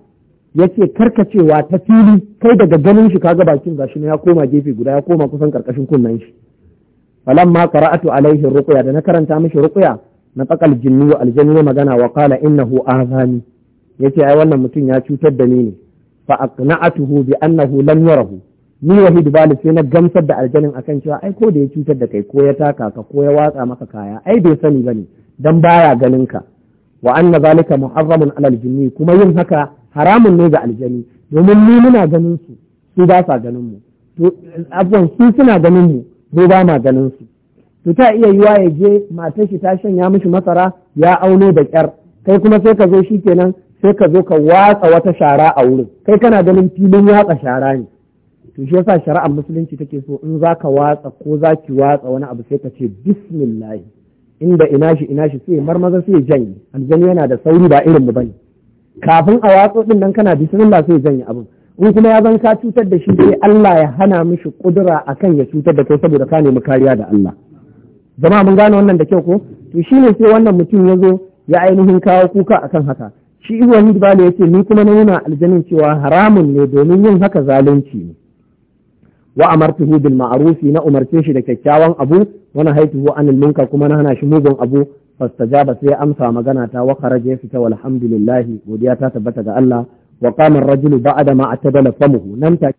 yace karkacewa ta fili kai daga ganin shi kaga bakin gashi ne ya koma gefe guda ya koma kusan karkashin kunnen shi falamma qara'atu alaihi ruqya da na karanta mishi ruqya na tsakal jinni wa aljanni magana wa qala innahu azani yace ai wannan mutum ya cutar da ni ne fa aqna'atuhu bi annahu lam yarahu ni wahid bali sai na gamsar da aljinin akan cewa ai ko da ya cutar da kai ko ya taka ka ko ya watsa maka kaya ai bai sani bane dan baya ganin ka wa anna zalika muharramun alal jinni kuma yin haka haramun ne ga aljani domin ni muna ganin su su ba sa ganin mu abuwan su suna ganin mu mu ba ma ganin su to ta iya yiwa ya je matar shi ta shanya mishi masara ya auno da kyar kai kuma sai ka zo shi kenan sai ka zo ka watsa wata shara a wurin kai kana ganin filin watsa shara ne to shi yasa shari'ar musulunci take so in za ka watsa ko za ki watsa wani abu sai ka ce bismillah inda ina shi ina shi sai marmaza sai janye aljani yana da sauri ba irin mu bane kafin a watsu din nan kana bismillah sai yi abin in kuma ya zan ka cutar da shi sai Allah ya hana mishi kudura akan ya cutar da kai saboda ka nemi kariya da Allah Zama mun gane wannan da kyau ko to shine sai wannan mutum ya zo ya ainihin kawo kuka akan haka shi Ibrahim ya ce ni kuma na nuna aljanin cewa haramun ne domin yin haka zalunci ne wa amartuhu bil ma'rufi na umarce shi da kyakkyawan abu wani haituhu anil ninka kuma na hana shi mugun abu fastajaba sai amsa magana ta wa kharaja fita walhamdulillah godiya ta tabbata ga Allah wa qama ar-rajulu ba'da ma atadala famuhu nan